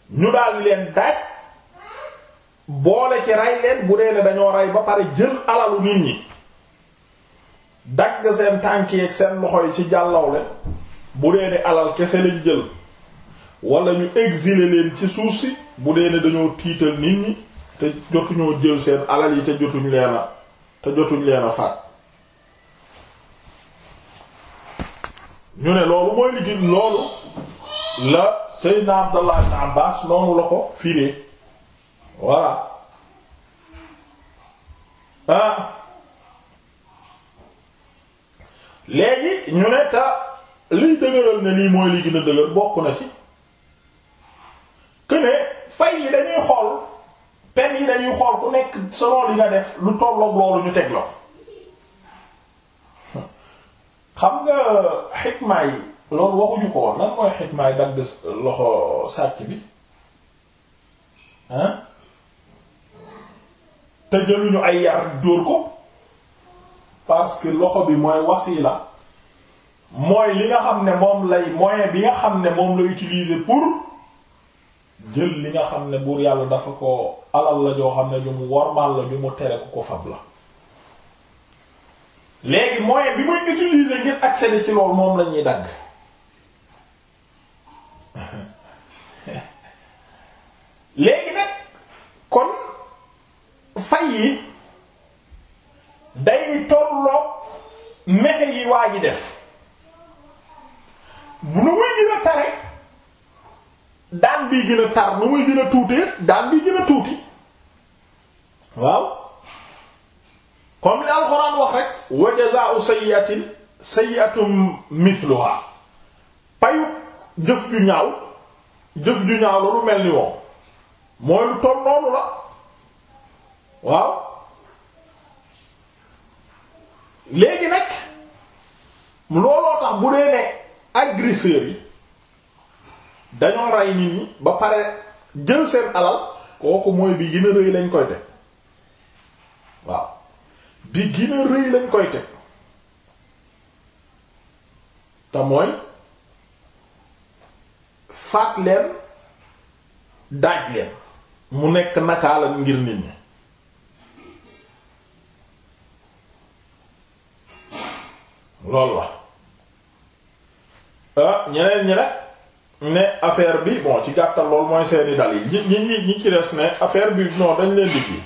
ñu daal leen daaj boole ci rey leen bu dee ne dañoo rey ba pare jël alalu nit ñi dagg seen tànk ak seen loxo yi ci jàllawle bu dee ne alal kese lañ jël wala ñu exiler leen ci suuf si bu dee ne dañoo tiital nit ñi te jotuñu jël seen alal yi te jotuñ leen a te jotuñ leen a faat ñu ne loolu mooy liggéey loolu la Seydina Abdallah ibn Abbas noonu la ko firee voilà ah léegi ñu ne liy dëgëral ne lii mooy li gën a dëgër bokk na ci que ne fay yi dañuy xool pen yi dañuy xool ku nekk selon li nga def lu tolloog loolu ñu teg la xam nga xikmaa yi loolu waxuñu ko woon nan mooy xikmaa dagg loxo sàcc bi te jëluñu ay yar dóor ko parce que loxo bi mooy wasila mooy li nga xam ne moom lay moyen bi nga xam ne moom la utiliser pour jël li nga xam ne buur yàlla dafa ko alal la joo xam ne ju mu wormaal la ju mu tere ku ko fab la léegi moyen bi muy utiliser ngir accéder ci loolu moom lañuy dagg léegi nag kon fay yi day tolloo mese yi waa ji def nu muy gën tare daan bi gën a tar nu muy gën a daan bi gën tuuti waaw comme li alxuraan wax rek wa jazaa'u sayyi'atin sayyi'atun mithluha payu jëf ju ñaaw jëf ju ñaaw la lu mel ni woon mooy lu toll la waaw léegi nag looloo tax bu dee ne agresseurs yi dañoo rey nit ñi ba pare jël seen alal kooku mooy bi gën a rëy lañ koy teg waaw bi gën rëy lañ koy teg te mooy faat leen mu nekk nakaala ngir nit ñi loolu la ah, ñeneen ñi nag ne affaire bi bon ci gàttal loolu mooy seeni dal yi ñi ñi ñi ci des ne affaire bi non dañ leen di kii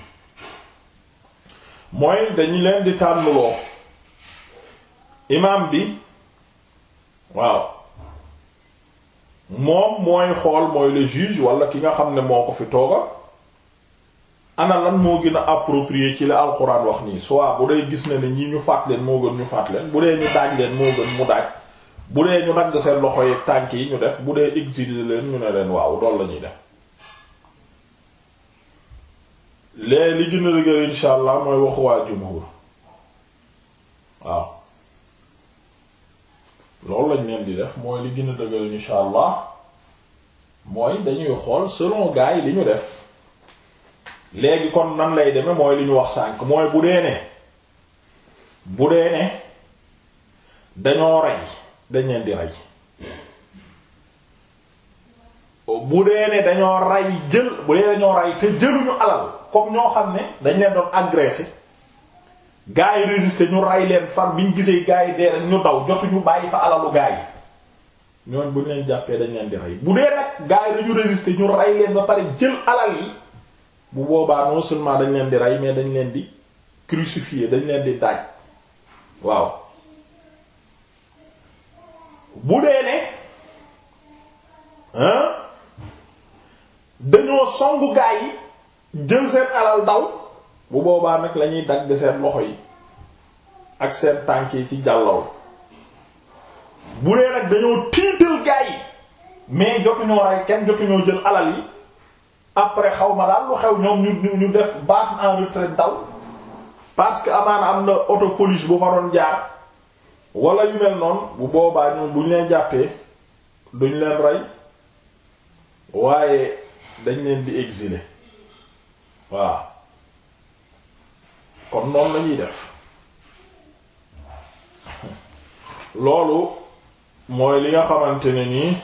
mooy dañu leen di tànnloo imaam bi waaw moom mooy xool mooy le juge wala ki nga xam ne moo ko fi tooga ana lan moo gën a approprié ci la alxuraan wax nii soit bu dee gis na ni ñi ñu faat leen moo gën ñu faat leen bu dee ñu daaj leen moo gën mu daaj bu dee ñu dagg seen loxo yi tànk yi ñu def bu dee exilé leen ñu ne leen waaw loolu la ñuy def léeg li gën a dëgër insha allah mooy waxu waa jumhur waaw lañ leen di def mooy li gën a dëgër insha dañuy xool selon gars yi li ñu def léegi kon nan lay demee mooy li ñu wax sànk mooy bu dee ne bu dee ne dañoo rey dañ leen di rey bu dee ne dañoo rey jël bu dee dañoo rey te jëluñu alal comme ñoo xam ne dañ leen doon agressé gaa yi résister ñu rey leen far biñ gisee gaa yi dee rek ñu daw jotuñu bàyyi fa alalu gaa yi ñooñ bu ñu leen jàppee dañ leen di rey bu dee nag gaa yi dañu résister ñu rey leen ba pare jël alal yi bu boobaa non dañ leen di ray mais dañ leen di crucifié dañ leen di daaj waaw bu dee ne hein dañoo songu gaa yi jël seen alal daw bu boobaa nag lañuy dagg seen loxo yi ak seen tànk yi ci jàllaw bu dee nag dañoo tiital gaa yi mais jotuñoo rey kenn jotuñoo jël alal yi après xaw ma daal lu xew ñoom ñu ñu def baat en retraite daw parce que amaana am na auto police bu fa doon jaar wala yu mel noonu bu boobaa ñoom bu ñu leen jàppee duñ leen rey waaye dañ leen di exiler waaw kon noonu lañuy def loolu mooy li nga xamante ne nii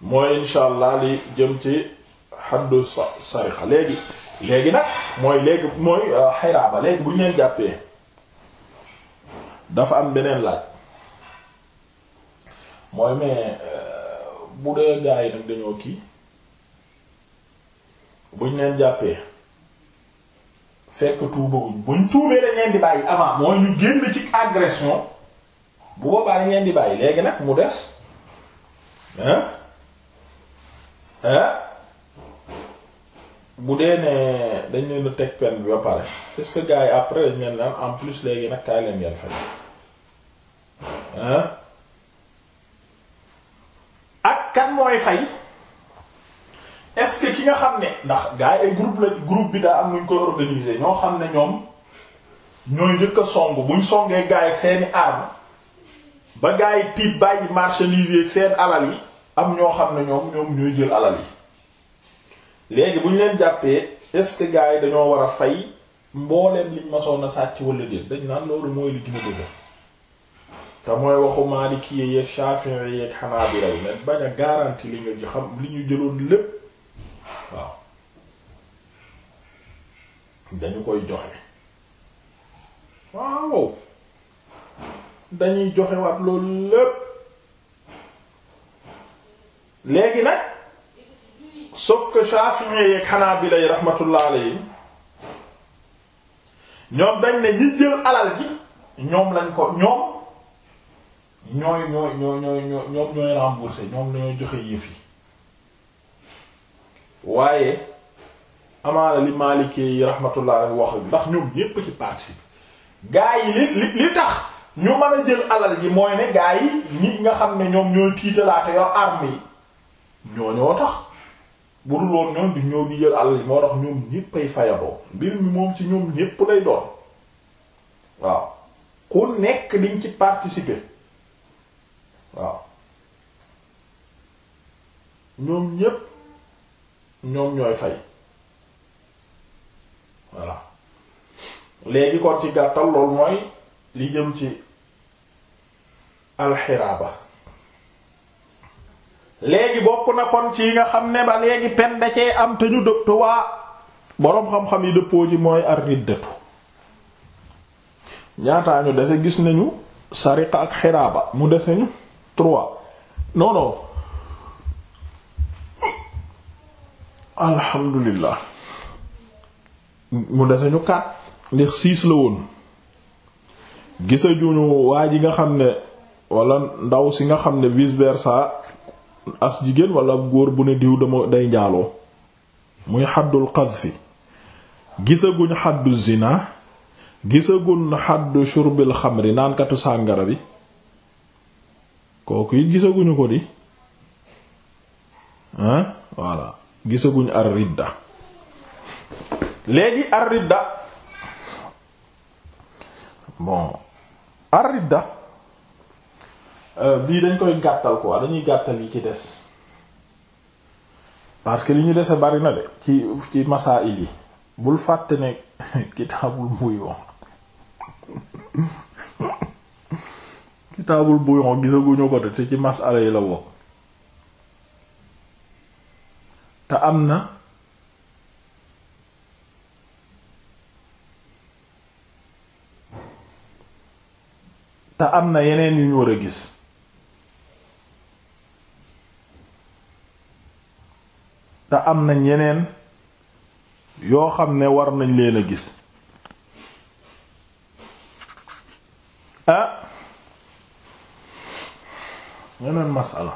mooy incha allah li jëm ci xaddu sariqa léegi léegi nag mooy léegi mooy euh, ba léegi bu ñu leen jàppee dafa am beneen laaj mooy mais euh, bu dee gaa yi nag dañoo kii bu ñu leen jàppee fekk tuubaguñ buñ tuubee dañ leen di bàyyi avant mooy ñu génn ci agression bu boobaa dañ leen di bàyyi léegi nag mu des hein hein bu dee ne dañ leen a teg peine bi ba pare est-ce que gars yi après dañ leen en plus léegi nag kaay leen ngeen fay hein ak kan mooy fay est-ce que ki nga xam ne ndax gars yi group la groupe bi daa am nuñ koy organiser ñoo xam ne ñoom ñooy njëkk song buñ songee gars yi ak seeni arme ba gars yi tiit bàyyi marchandise seen alal yi am ñoo xam ne ñoom ñoom ñooy jël alal yi. léegi bu ñu leen jàppee est-ce yi dañoo war a fay mbooleem liñ masoon a sàcc wala déet dañ naan loolu mooy li gën a te mooy waxu Maliki yi yeeg Shafi'i yeeg Hanabila yi mais bañ a garanti li nga xam ñu jëloon lépp waaw dañu koy joxe waaw dañuy joxe waat loolu lépp léegi nag. sauf que Shafi'i yeeg Hanabila yi rahmatullah alayhi ñoom dañ ne jël alal ji ñoom lañ ko ñoom ñooy ñooy ñooy ñoom ñooy ñoom ñooy joxe yëf yi waaye amaana li Maliki yi rahmatullah alayhi wax ndax ñoom ñépp ci participe gaa yi li li li tax ñu mën a jël alal ji mooy ne gaa yi ñi nga xam ne ñoom ñooy tiitalaate yor arme yi ñoo ñoo tax bu dul woon ñoom di ñëw di jël alal yi moo tax ñoom ñépp fayadoo mbir mi moom ci ñoom ñépp lay doon waaw ku nekk diñ ci participer waaw ñoom ñépp ñoom ñooy fay voilà léegi kon ci gàttal loolu mooy li jëm ci alxiraaba léegi bokk na kon ci nga xam ne ba léegi pen da cee am te ñu dëpp waa boroom xam-xam yi dëppoo ci mooy ar riddatu ñaataa ñu dese gis nañu sariqa ak xiraaba mu dese ñu trois non non mu dese ñu quatre ndax six la woon gisa juñu waa ji nga xam ne walla ndaw si nga xam ne vice versa as jigéen wala góor bu ne diw dama day njaaloo muy xaddul qadfi gisaguñ xaddu zina gisaguñ xaddu shurbil xamri naankatu sàngara bi kooku it gisaguñu ko di hein voilà gisaguñ ar ridda léegi ar ridda bon ar ridda Euh, bii dañ koy gàttal quoi dañuy gàttal yi ci des parce que li ñu dese bari na de ci ci masaa'il yi bul fàtte ne kitaabul buyon kitaabul buyon gisaguñu ko de te ci masala yi la wokk te am na te am na yeneen yu ñu war a gis te am nañ yeneen yoo xam ne war nañ leen a gis ah yeneen masala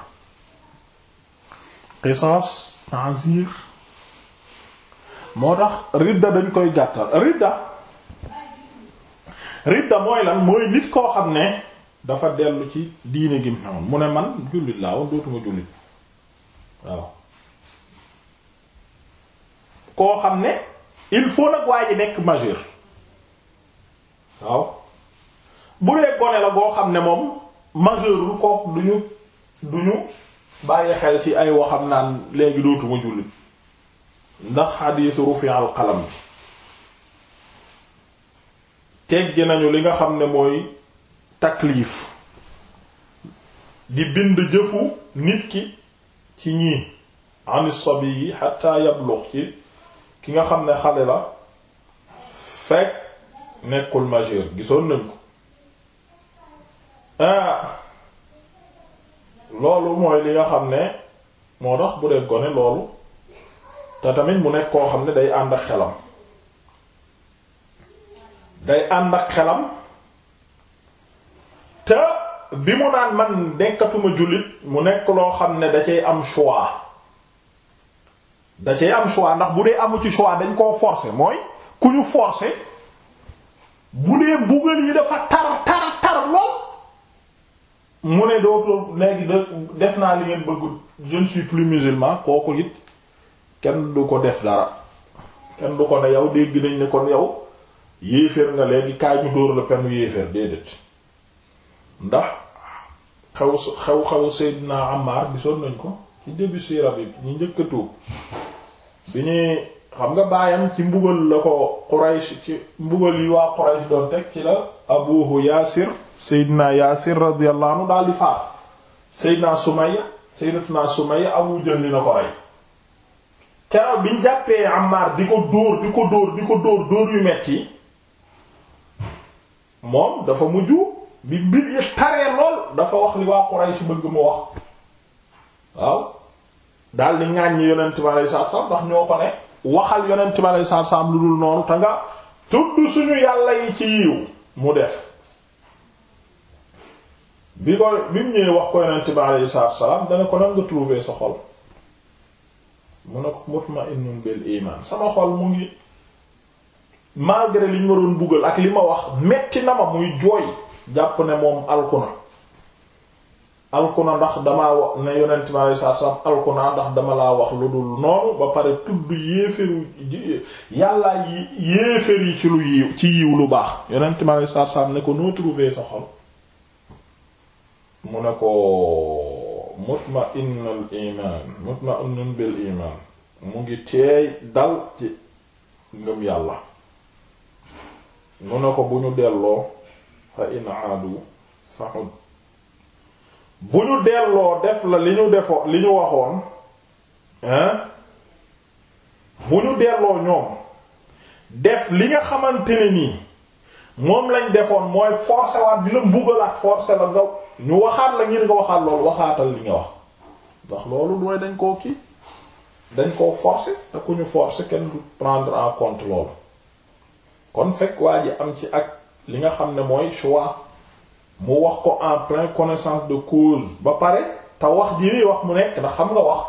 qisaas ta'zir moo tax ridda dañ koy gàttal ridda ridda mooy lan mooy nit koo xam ne dafa dellu ci diine gi mu ne man jullit laa woon dootuma jullit waaw koo xam ne il faut nag waa ji nekk majeur waaw bu dee gone la boo xam ne moom majeurul kook du ñu du bàyyi xel ci ay waxam naan léegi dootuma julli ndax xadiisu rufi al bi teggi nañu li nga xam ne mooy takliif di bind jëfu nit ki ci ñii anis sabi yi hatta yablugh ci ki nga xam ne xale la fekk nekkul majeur gisoon nañ ah, loolu mooy li nga xam ne moo tax bu dee gone loolu te tamit mu nekkoo xam ne day ànd ak xelam day ànd ak xelam te bi mu naan man nekkatuma jullit mu nekk loo xam ne da cay am choix da cee am choix ndax bu dee amu ci choix dañ koo forcer mooy ku ñu forcer bu dee mbugal yi dafa tar tar tar lool mu ne dootoo léegi def naa li ngeen bëgg je ne suis plus musulman kooku it kenn du ko def dara kenn du ko ne yow dégg nañ ne kon yow yéeféer nga léegi kaay ñu dóor la penu yéeféer déedéet ndax xew xew xew Seydina Ammar gisoon nañ ko ci début siira bi ñu njëkk a bi ñuy xam nga baayam ci mbugal la ko Quraysh ci mbugal yi waa Quraysh doon teg ci la abuhu yaasir seydina yaasir radiyallahu anhu daal di faat seydina Sumayya seydatuna Sumayya Abu Jahl na ko rey keroog bi ñu jàppee di ko dóor di ko dóor di ko dóor dóor yu metti moom dafa mujj bi mbir yi taree lool dafa wax li waa Quraysh bëgg mu wax waaw daal di ŋàññi yonent mi alayhi salaatu salaam ndax ñoo ko ne waxal yonent mi alayhi salaatu salaam lu dul noonu te nga tudd suñu yàlla yi ci yiw mu def bi ko bi mu wax ko yonent mi alayhi salaatu salaam dana ko nan nga trouver sa xol mu ne ko sama xol mu ngi malgré li ñu ma doon buggal ak li ma wax metti na ma muy jooy jàpp ne moom alku alkuna ndax damaa wax ne yonent mi alayhi salaatu salaam alkuna ndax dama laa wax lu dul noonu ba pare tudd yéeféru yàllaa yéefér yi ci lu yiw lu baax yonent mi alayhi salaatu salaam ne ko noo trouver sa xol mu ne ko mutma'innul iman mutma'innun bil iman mu ngi teey dal ci ngëm yàlla mu ne ko bu ñu delloo fa in aadu fa'ud bu ñu delloo def la li ñu defo li ñu waxoon hein bu ñu delloo ñoom def li nga xamante ne nii moom lañ defoon mooy forcé waat di la mbugalaat forcé la nga ñu waxaat la ngir nga waxaat loolu waxaatal li nga wax ndax loolu mooy dañ koo kii dañ koo forcé te ku ñu forcé kenn prendre en compte loolu kon fekk waa ji am ci ak li nga xam ne mooy choix mu wax ko en pleine connaissance de cause ba pare te wax ji wax mu nekk ndax xam nga wax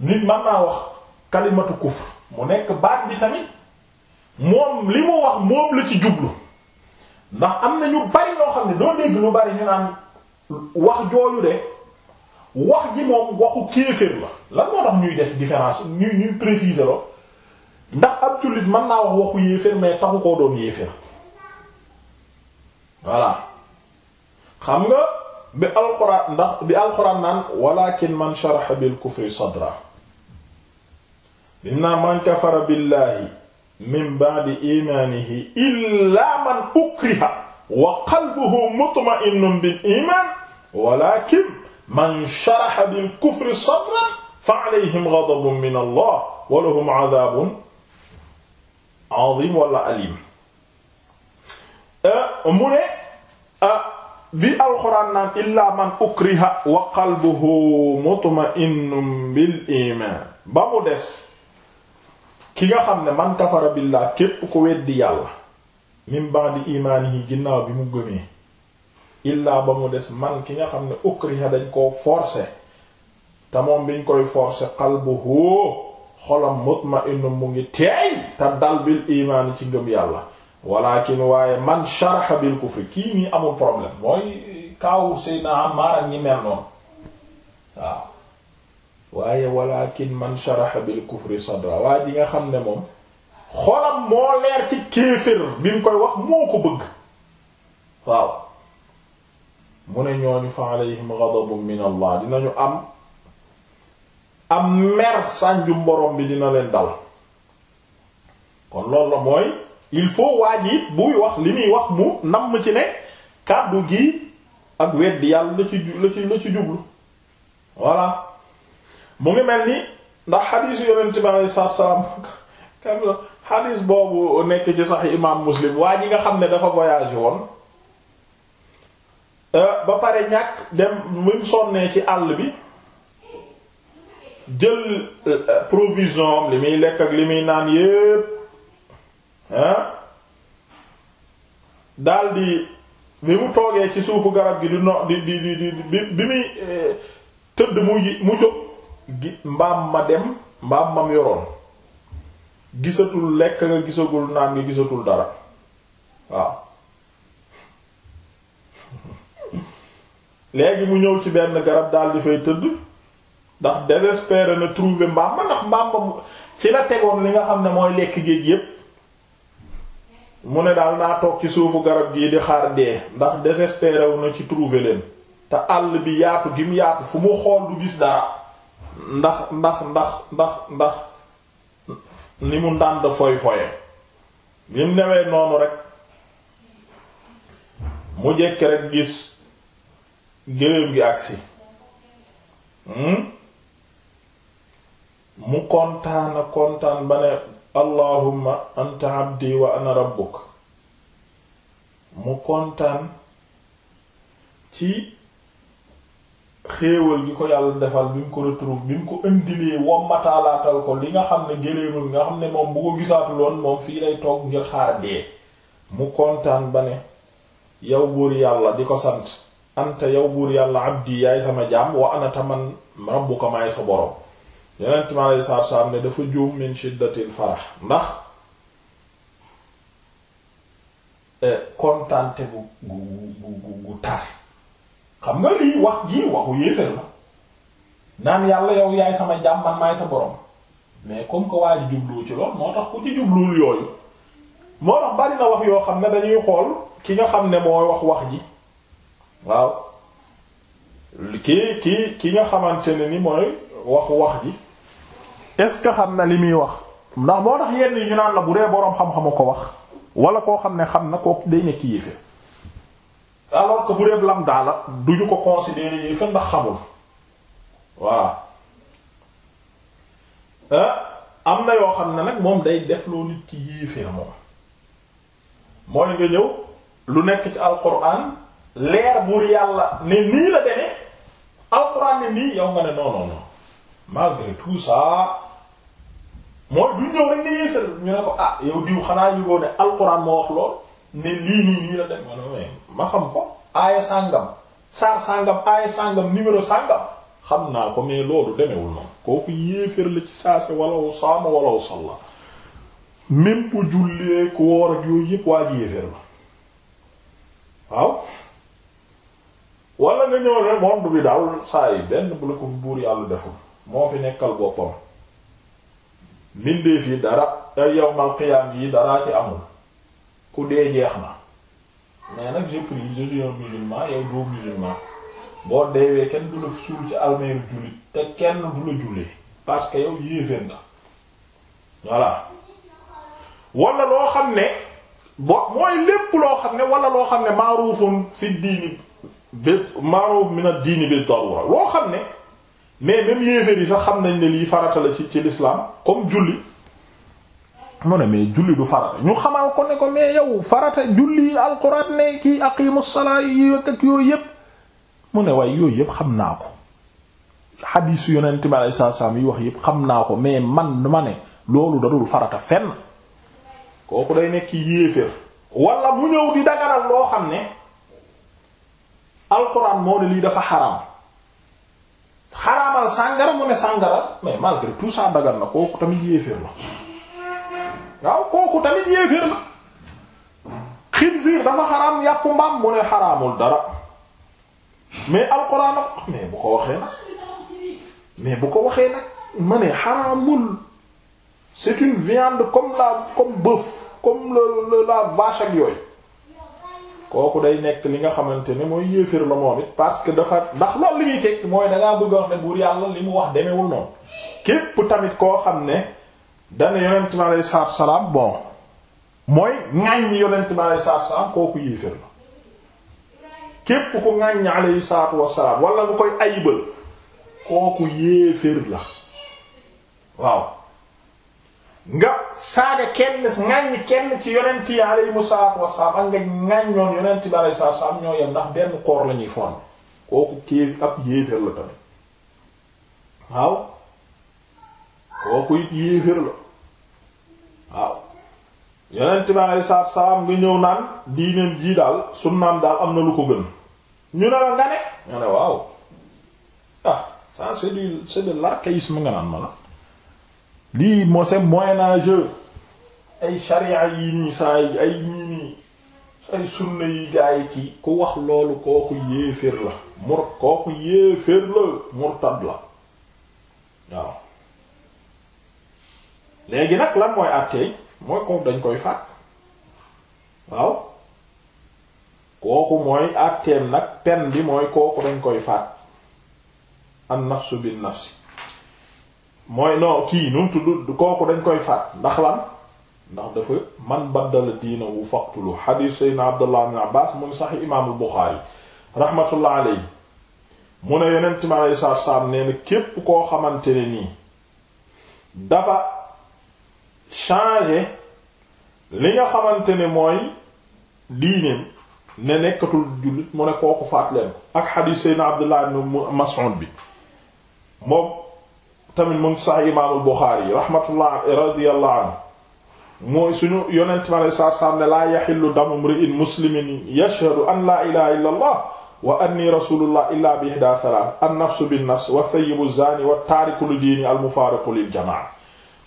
nit man naa wax kalimatu kufr mu nekk baat bi tamit moom li mu wax moom la ci jublu ndax am na ñu bari ñoo xam ne doo dégg lu bari ñu naan wax jooju de wax ji moom waxu kéefër la lan moo tax ñuy def différence ñuy ñuy préciser ndax ab jullit mën naa wax waxu yéefër mais taxu koo doon yéefër voilà xam nga bi alxuraan ndax bi alxuraan naan walakin man sharaxa bil kufri sadra inna man kafara billaahi min ba'di iimaanihi illaa man ukriha wa qalbuhu mutma'innun bil iimaan walakin man sharaxa bil kufri sadran fa alayhim ghadabun min allah wa lahum adhaabun adhiim wala aliim eh, mu ne ah bi alxuraan naan illaa man ukriha wa qalbuhu mutma'innun bil iman ba mu des ki nga xam ne man kafara billaa képp ko weddi yàlla min ba'di imaanihi ginnaaw bi mu gëmee illaa ba mu des man ki nga xam ne ukriha dañ koo forcer te moom biñ koy forcer qalbuhu xolam mutma'innun mu ngi teey te dal bil imaani ci ngëm yàlla walakin waaye man sharaha bil kufri kii nii amul problème mooy kaawu Seydina Ammaar ak ñi mel noonu waaw waaye walakin man sharaha bil kufri sadra waaye ji nga xam ne moom xolam moo leer ci kéefër bi koy wax moo ko bëgg waaw mu ne ñooñu fa alayhim ghadabun borom bi dina leen dal kon loolu la mooy il faut waa ji it buy wax li muy wax mu namm ci ne kàddu gi ak weddi yàlla la ci la ci la ci jublu voilà mu ngi mel ni ndax xadiisu yonent bi alayhi salaatu la xadiis boobu nekk ci sax imaam muslim waa yi nga xam ne dafa voyagé woon euh, ba pare ñàkk dem mu sonnee ci àll bi jël euh, provision li muy lekk ak li muy naan yépp daldi bi mu toogee ci suufu garab gi di no di di di bi bi muy eh, tëdd mu mu jóg gi mbaam ma dem mbaam mam yoroon gisatul lekk nga gisagul naan nga gisatul dara waaw léegi mu ñëw ci benn garab daldi fay tëdd ndax désespéré na trouver mbaam ma ndax mbaam ma ci la tegoon li nga xam ne mooy lekk géej yépp mu ne daal naa toog ci suufu garab gii di xaar dee ndax désespéré na ci trouver leen te àll bi yaatu gim yaatu fu mu xool du gis dara ndax ndax ndax ndax ni mu ndànd foy foye li mu newee noonu rek mu jekk rek gis gëléem gi agsi hmm? mu kontaana kontaan ba ne allahumma anta abdi wa ana rabbuk mu kontaan ci xéewal gi ko yàlla defal bi mu ko retrouve bi mu ko indilee wommataalaatal ko li nga xam ne géléemul nga xam ne moom bu ko gisaatuloon moom fii lay toog ngir xaar dee mu kontaan ba ne yow buur yàlla di ko sant anta yow buur yàlla abdi yaay sama jaam wa ana taman rabbuka maay sa borom yeneen time alay ne dafa juum min shiddatil farax ndax eh, kontante bu gu gu gu xam nga lii wax jii waxu naan yàlla yow yaay sama jaam mais comme que waa ji jubluwu ci lool yooyu moo tax bari na wax yoo xam ne dañuy xool ki nga xam ne mooy wax wax ji waaw kii kii ki nga xamante ne ni mooy waxu wax ji est-ce que xam na li muy wax ndax moo tax yenn yi ñu naan la bu dee boroom xam-xamu ko wax wala koo xam ne xam na kooku day nekk yéefee alors que bu dee lam daala du ñu ko considérer yéefee ndax xamul voilà euh, am na yoo xam ne nag moom day def loo nit ki yéefee moom mooy nga ñëw lu nekk ci alquran leer buur yàlla ne nii la demee alquran ne nii yow nga ne non non non tout ça mooy du ñëw rek ne yéefar ñu ne ko ah yow diw xanaa yëgoo ne alquran moo wax lool ne lii nii nii la dem ma xam ko aaya sàngam saar sàngam aaya sàngam numéro sàngam xam naa ko mais loolu demewul noonu kooku yéefar la ci saase walaw saama walaw salla même bu jullee ku woor ak yooyu yépp waa ji la waaw wala nga ñëw rek moom bi daal saa yi benn bu la ko fi buur yàlla deful moo fi nekkal boppam mbindeef yi dara ay yawmal yi daraa ci amul ku dee jeex na mais nag je prie je suis musulman yow doo musulman boo deewee kenn du la suul ci almeeru jullit te kenn du la jullee parce que yow yéeféen nga voilà wala loo xam ne bo mooy lépp loo xam ne wala loo xam ne maaruufun fi diini bi maaruuf min ad-diini bi darura loo xam ne mais même yéeféer yi sax xam nañ ne lii farata la ci ci l'islam comme julli mu ne mais julli du farata ñu xamal ko ne ko mais yow farata julli alxuraan ne kii aqimu salaa yi ak yooyu yépp mu ne waaye yooyu yépp xam naa ko xadiis yonent bi alayhi salaam yi wax yépp xam naa ko mais man ma ne loolu dadul farata fenn kooku day nekk yéeféer wala mu ñëw di dagaral loo xam ne alxuraan moo ne lii dafa xaraam xaraamal sàngara mu ne sàngara mais malgré tout ça dagan na kooku tamit yéeféer la waaw kooku tamit yéeféer la xinziir dafa xaraam yàppu mbaam mu ne xaraamul dara mais alxuraan ak mais bu ko waxee nag mais bu ko waxee nag ma ne c'est une viande comme la comme bœuf comme la la vache ak yooyu kooku day nekk li nga xamante ne mooy yéefér la moom it parce que dafa ndax loolu li ñuy teg mooy dangaa bëgg a ne buur yàlla li mu wax demeewul noonu képp tamit koo xam ne dana yonent bi aleyi salaam bon mooy ŋàññ yonent bi aleyi salaam kooku yéefér la képp ku ŋàññ aleyhi salaatu wasalaam wala nga koy ayibal kooku yéefér la waaw nga saaga kenn ŋaññ kenn ci yonent mu alayhimu salaatu wassalaam ak nga ŋaññoon yonent bi alayhi salaatu wassalaam ñoo ndax benn koor la tamit waaw kooku it yéeféer la waaw bi nga ñëw naan diineen jii daal su naan daal am na lu ko gën ñu ne la nga ne nga ne waaw ah ça c'est du c'est de l'archaïsme nga naan ma la lii moo c'est moyen âge ay sharia yi nii saa yi ay ñii nii ay sunna yi gaay kii ku wax loolu kooku yéeféer la mur kooku yéeféer la murtad la waaw léegi nag lan mooy àtteey mooy kooku dañ koy faat waaw kooku mooy àtteem nag pen bi mooy kooku dañ koy faat am nafsu bin nafsi mooy non kii nu mu tudd kooku dañ koy faat ndax lan ndax dafa man baddala diina wu faqtulu xadiis seydna abdullah ibn abbas mun sax imaamul buxaari rahmatullah alayhi mu ne yeneen ci ma saar saam képp koo xamante ne nii dafa changer li nga xamante ne mooy diineem ne nekkatul jullit mu ne kooku faat leen ko ak xadiis seydna abdullah ibn mas'ud bi moom tamit mu ngi sax imaamul Buxaari rahmatullah radiyallahu anhu mooy suñu yonent mi alayhi salaatu salaam ne laa yaxillu damu mri'in muslimin yashhadu an laa ilaha illa allah wa anni rasulullah illa bi ihda thalath an nafsu bin nafs wa sayyibu zani wa taariku li diini al mufaariqu lil jamaa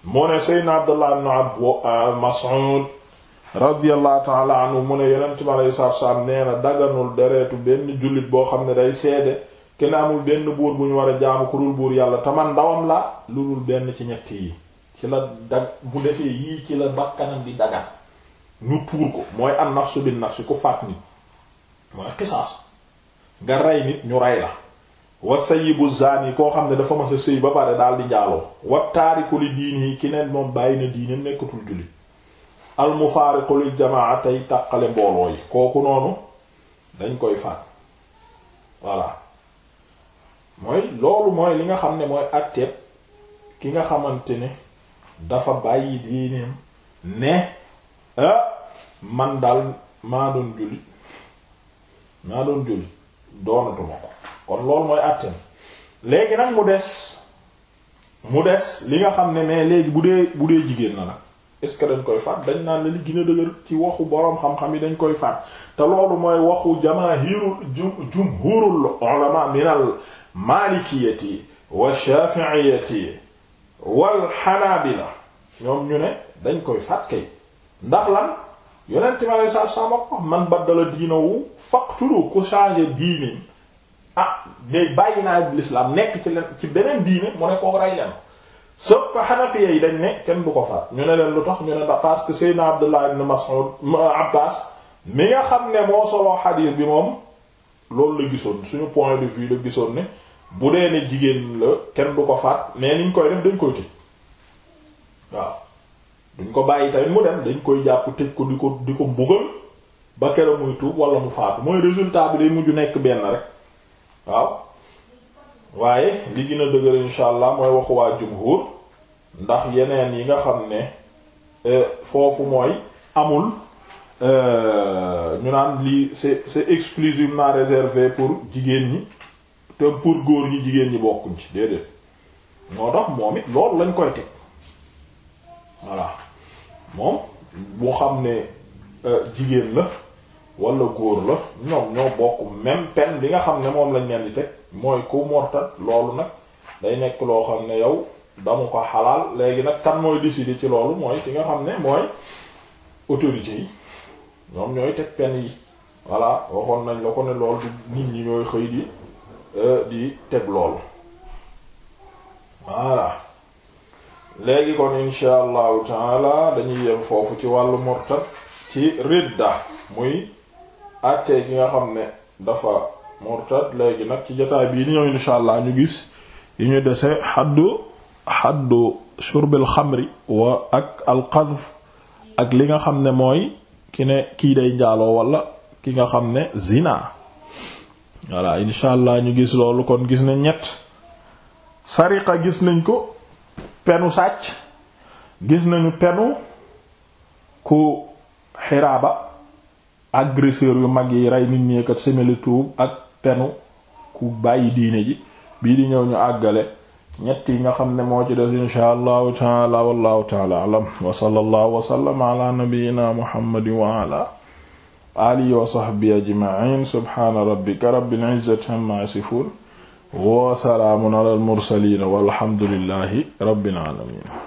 mu ne Seydina Abdullah ibn Abd uh, Mas'ud radiyallahu ta'ala anhu mu ne yonent mi alayhi salaatu salaam nee na daganul deretu benn jullit boo xam ne day seede kenn amul benn buur bu ñu war a jaamu ku dul buur yàlla te man ndawam la lu dul benn ci ñett yi ci la dag bu defee yii ci la bakkanam di dagat ñu tuur ko mooy an nafsu bin nafsi ku faat nit mooy xisaas nga rey nit ñu rey la wa sayyibu zani koo xam ne dafa mas a sëy ba pare daal di njaaloo wa taariku li diini yi ki neen moom bàyyi na diine nekkatul jullit al mufaariqu jamaa tey tàqale mbooloo yi kooku noonu dañ koy faat voilà mooy loolu mooy li nga xam ne mooy àtteeb ki nga xamante ne dafa bàyyi diineem ne ah, man daal maa doon jullit maa doon jullit doonatuma ko kon loolu mooy àtteem léegi nag mu des mu des li nga xam ne mais léegi bu dee bu dee jigéen na nag est-ce que dañ koy faat dañ naan la li gën dëgër ci waxu boroom xam-xam yi dañ koy faat te loolu mooy waxu jamaahirul jumhurul ulama minal maalikiyati wa shafiiyati wal xanaabila ñoom ñu ne dañ koy faat kay ndax lan yonent mi alei satu salaam wax man baddala diinawu faqtulu ku changé diini ah day bàyyi naa l'islam nekk ci leen ci beneen diine mu ne koo rey leen sauf que xanafiya yi dañ ne kenn du ko faat ñu ne leen lu tax ñu ne ndax parce que Seydina Abdullah ibn Mas'ud Abbas mi nga xam ne moo soloo xadiis bi moom loolu la gisoon suñu point de vue la gisoon ne bu dee ne jigéen la kenn du ko faat mais niñ koy def dañ koy tëj waaw duñ ko bàyyi tamit mu dem dañ koy jàpp tëj ko di ko di ko mbugal ba keroog muy tuub wala mu faatu mooy résultat bi day mujj nekk benn rek waaw waaye li gën a dëgër insha allah mooy waxu waa jumhur ndax yeneen yi nga xam ne eh, foofu mooy amul. Euh, ñu naan lii c'est c'est exclusivement réservé pour jigéen ñi te pour góor ñi jigéen ñi bokkuñ ci déedéet moo tax moom it loolu lañ koy teg voilà moom bu xam ne euh, jigéen la walla góor la ñoom ñoo bokk même peine bi nga xam ne moom lañ leen di teg mooy ku mortat loolu nag day nekk loo xam ne yow damu ko xalaal léegi nag kan mooy décider ci loolu mooy ki nga xam ne mooy autorité yi ñoom ñooy teg pen yi voilà waxoon nañ la ko ne lool du nit ñi ñooy xëy di euh, di teg loolu voilà léegi kon insha allahu taala dañuy yem foofu ci wàllu murtad ci ridda muy àttee gi nga xam ne dafa murtad léegi nag ci jotaay bii ni ñëw insha allah ñu gis yi ñu dese xaddu xaddu shurbil xamri wa ak al ak li nga xam ne mooy ki ne kii day njaaloo walla ki nga xam ne zina voilà insha allah ñu gis loolu kon gis nañ ñett sariqa gis nañ ko penu sàcc gis nañu penu ku xiraaba agresseur yu mag yi rey nit ñi kat semeli tuub ak penu ku bàyyi diine ji bii di ñëw ñu àggale ñett yi nga xam ne moo ci des inshaa allahu taala wallahu wa sallallahu wa sallama ala nabiyyina muhammadin wa ala alihi wa sahbihi ajma'in subhana rabbika rabbil izzati amma yasifun wa salaamun ala al mursalin walhamdulillahi rabbil alamin